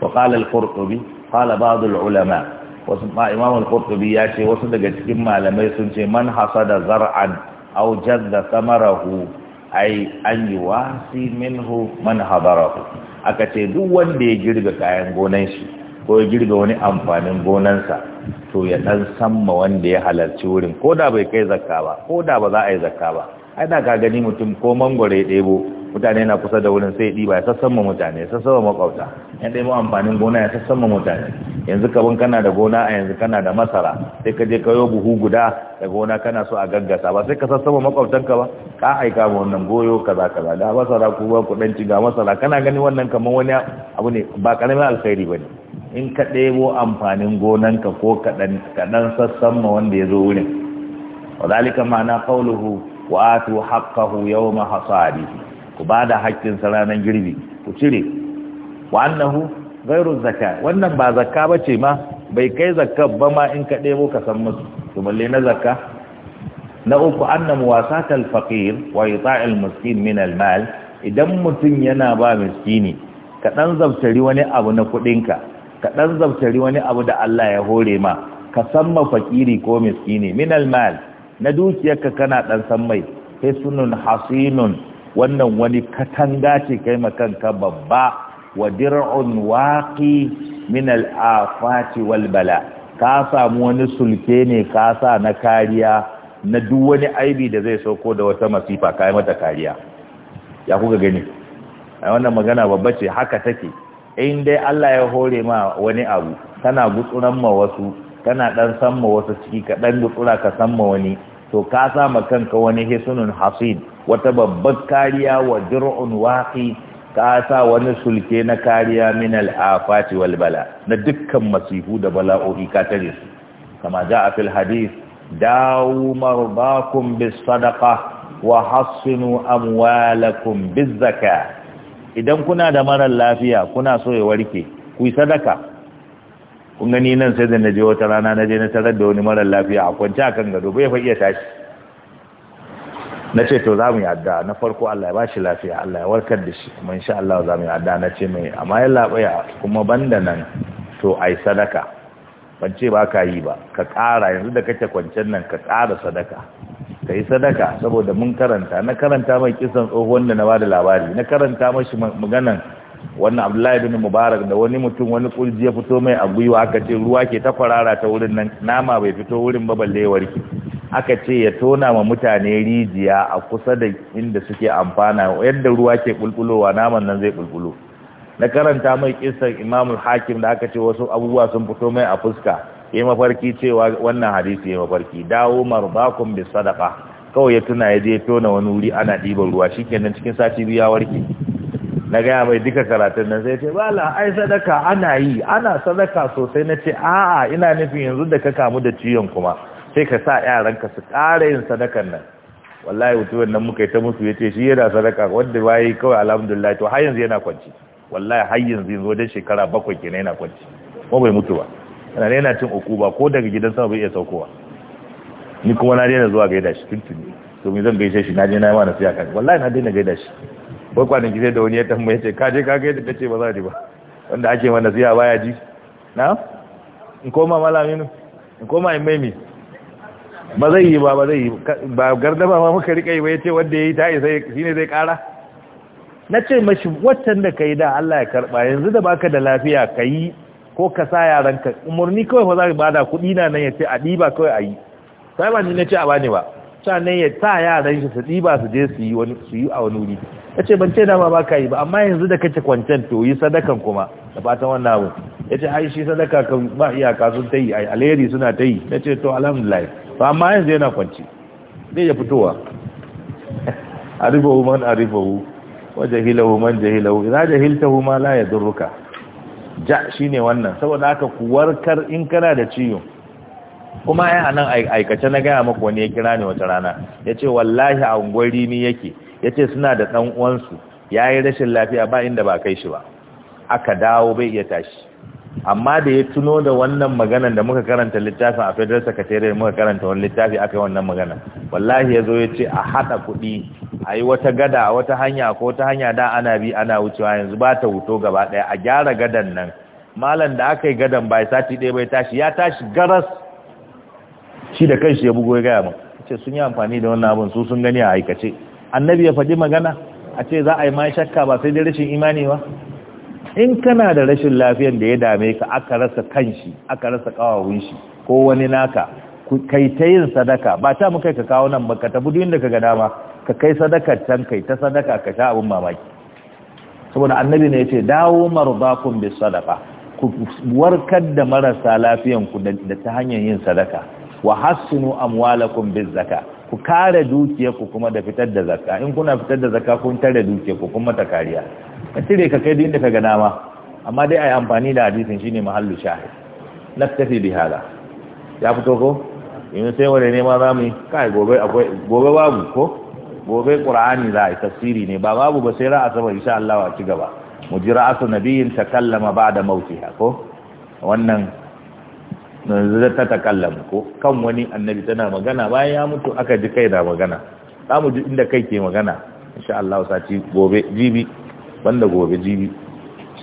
wa qala al-qurtubi qala ba'd al-ulama wasu imam al-qurtubi ya ce wasu daga cikin malamai sun ce man hasada zar'an aw jadda samarahu ay an yuwasi minhu man hadarahu aka ce duk wanda ya girga kayan gonan shi ko ya girga wani amfanin gonansa to ya dan samma wanda ya halarci wurin ko da bai kai zakka ba ko da ba za a yi zakka ba ai da ka gani mutum ko mangwaro ya ɗebo mutane na kusa da wurin sai ɗiba ya sassanma mutane ya sassanma makwabta ya ɗaimu amfanin gona ya sassanma mutane yanzu ka bin kana da gona a yanzu kana da masara sai ka je kayo buhu guda da gona kana so a gaggasa ba sai ka sassanma makwabtanka ba ka aika ma wannan goyo kaza kaza da masara ku ba ku ɗanci ga masara kana gani wannan kamar wani abu ne ba ƙaramin alkhairi ba ne in ka ɗebo amfanin gonanka ko kaɗan sassanma wanda ya zo wurin wa zalika ma'ana qawluhu wa atu haqqahu yawma hasadihi ku ba da hakkin sa ranar girbi ku cire wa annahu zakka wannan ba zakka ba ce ma bai kai zakka ba ma in ka ɗebo ka san musu to malle na zakka na uku anna muwasatal faqir wa ita'il miskin min almal idan mutum yana ba miskini ka ɗan zabtari wani abu na kuɗinka ka ɗan zabtari wani abu da Allah ya hore ma ka san ma fakiri ko miskini min almal na dukiyarka kana dan san mai hisnun hasinun wannan wani katanga ce kai makanka babba wa dir'un waqi min al-afati wal bala ka samu wani sulke ne ka sa na kariya na duk wani aibi da zai sauko da wata masifa kai mata kariya ya kuka gani a wannan magana babba ce haka take in dai Allah ya hore ma wani abu kana gutsuran ma wasu kana dan san ma wasu ciki ka dan gutsura ka san ma wani to ka sa ma kanka wani hisunun hasid wata babbar kariya wa jir'un waqi ka sa wani sulke na kariya min al-afati wal bala na dukkan masifu da bala'o'i ka tare su kama a fil hadith dawu marbakum bis sadaqah wa hassinu amwalakum biz idan kuna da marar lafiya kuna so ya warke ku yi sadaka kun gani nan sai da naje wata rana na naje na tarar da wani marar lafiya a kwance a kan gado bai fa iya tashi na ce to za mu yi addu'a na farko Allah ya bashi lafiya Allah ya warkar da shi kuma insha Allah za mu yi addu'a na ce mai amma ya labaya kuma banda nan to ai sadaka ban ce ba ka yi ba ka ƙara yanzu da kake kwancen nan ka ƙara sadaka ka yi sadaka saboda mun karanta na karanta mai kisan tsohon da na ba da labari na karanta mashi maganan wannan abdullahi bin mubarak da wani mutum wani kurji ya fito mai a gwiwa aka ce ruwa ke ta kwarara ta wurin nan nama bai fito wurin ba balle warki aka ce ya tona ma mutane rijiya a kusa da inda suke amfana yadda ruwa ke bulbulowa naman nan zai bulbulo na karanta mai kisan imamul hakim da aka ce wasu abubuwa sun fito mai a fuska ya mafarki cewa wannan hadisi ya mafarki dawo marbakum bai sadaqa kawai ya tuna ya je tona wani wuri ana ɗiban ruwa shikenan cikin sati biyu ya warke na gaya mai duka karatun nan sai ce la ai sadaka ana yi ana sadaka sosai na ce a'a ina nufin yanzu da ka kamu da ciwon kuma sai ka sa yaranka su ƙara yin sadakan nan wallahi mutuwar nan muka yi ta musu ya ce shi yana sadaka wanda ba yi kawai alhamdulillah to har yanzu yana kwanci wallahi har yanzu yanzu wajen shekara bakwai kenan yana kwanci kuma bai mutu ba yana yana cin ukuba ko daga gidan sama bai iya saukowa ni kuma na daina zuwa gaida shi tuntuni to me zan gaishe shi na je na yi ma siya kan wallahi na daina gaida shi wai kwanaki sai da wani ya tambaye ce ka je da ga ce ba za ji ba wanda ake mana ba baya ji na in koma malamin in koma in mai ba zai yi ba ba zai yi ba gardama ma muka riƙa yi ba wadda wanda yi ta isa ne zai kara na ce mashi watan da ka yi da Allah ya karba yanzu da baka da lafiya ka yi ko ka sa yaranka umarni kawai ba za ka bada kuɗi na nan ya ce a ba kawai ayi sai ba ni ce a bani ba sannan ya ta yaran shi su ɗiba su je su yi su yi a wani wuri ya ce ban ce dama ba ka yi ba amma yanzu da kace kwancen to yi sadakan kuma da fatan wannan abu ya ce ai shi sadaka kan ba iyaka sun ta yi a alheri suna ta yi ya ce to alhamdulillah ba amma yanzu yana kwanci zai ya fitowa arifahu man arifahu wa jahilahu man jahilahu jahilta hu ma la yadurruka ja shine wannan saboda haka kuwarkar in kana da ciwon. kuma ya anan aikace na gaya maka wani ya kira ni wata rana ya ce wallahi a gwari ni yake ya ce suna da ɗan uwansu ya yi rashin lafiya ba inda ba kai shi ba aka dawo bai iya tashi amma da ya tuno da wannan maganan da muka karanta littafin a federal secretary muka karanta wani littafi aka yi wannan magana. wallahi ya zo ya ce a haɗa kuɗi a yi wata gada wata hanya ko wata hanya da ana bi ana wucewa yanzu ba ta wuto gaba ɗaya a gyara gadan nan malam da aka yi gadan bai sati ɗaya bai tashi ya tashi garas shi da kanshi ya bugo ya gaya min ce sun yi amfani da wannan abin su sun gani a aikace annabi ya faɗi magana a ce za a yi ma shakka ba sai dai rashin imani ba in kana da rashin lafiyan da ya dame ka aka rasa kanshi aka rasa kawawun shi ko wani naka kai ta yin sadaka ba ta mu kai ka kawo nan ba ka tafi duk da ka ga dama ka kai sadakar can kai ta sadaka ka sha abin mamaki saboda annabi ne ya ce dawo marbakum bis sadaka. ku warkar da marasa lafiyan ku da ta hanyar yin sadaka wa hassinu amwalakum bizaka ku kare dukiyarku kuma da fitar da zakka in kuna fitar da zakka kun tare dukiyarku kuma ta kariya ka cire ka kai dinda ka ga dama amma dai ai amfani da hadisin shine mahallu shahid naktafi bi hada ya fito ko in sai wani ne ma zamu yi kai gobe akwai gobe babu ko gobe qur'ani za a tafsiri ne ba babu ba sai ra'a sama insha Allah a ci gaba mujira asu nabiyin takallama ba'da mautiha ko wannan manzo ta takallamu ko kan wani annabi tana magana bayan ya mutu aka ji kai da magana za mu ji inda kai ke magana insha Allah sati gobe jibi banda gobe jibi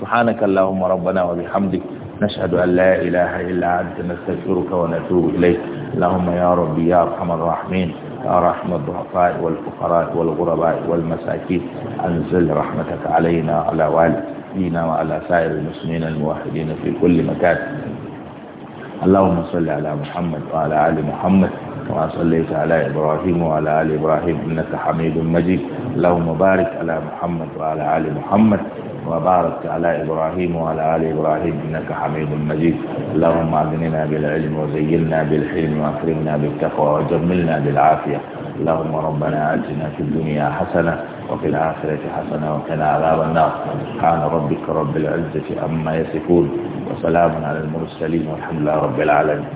subhanaka allahumma rabbana wa bihamdik nashhadu an la ilaha illa anta nastaghfiruka wa natubu ilayk allahumma ya rabbi ya arhamar rahimin يا رحم الضعفاء والفقراء والغرباء والمساكين أنزل رحمتك علينا على والدينا وعلى سائر المسلمين الموحدين في كل مكان اللهم صل على محمد وعلى آل محمد كما صليت على إبراهيم وعلى آل إبراهيم إنك حميد مجيد اللهم بارك على محمد وعلى آل محمد وبارك على إبراهيم وعلى آل إبراهيم إنك حميد مجيد اللهم أغننا بالعلم وزينا بالحلم وأكرمنا بالتقوى وجملنا بالعافية اللهم ربنا آتنا في الدنيا حسنة وفي الآخرة حسنة وقنا عذاب النار سبحان ربك رب العزة أما يصفون وسلام على المرسلين والحمد لله رب العالمين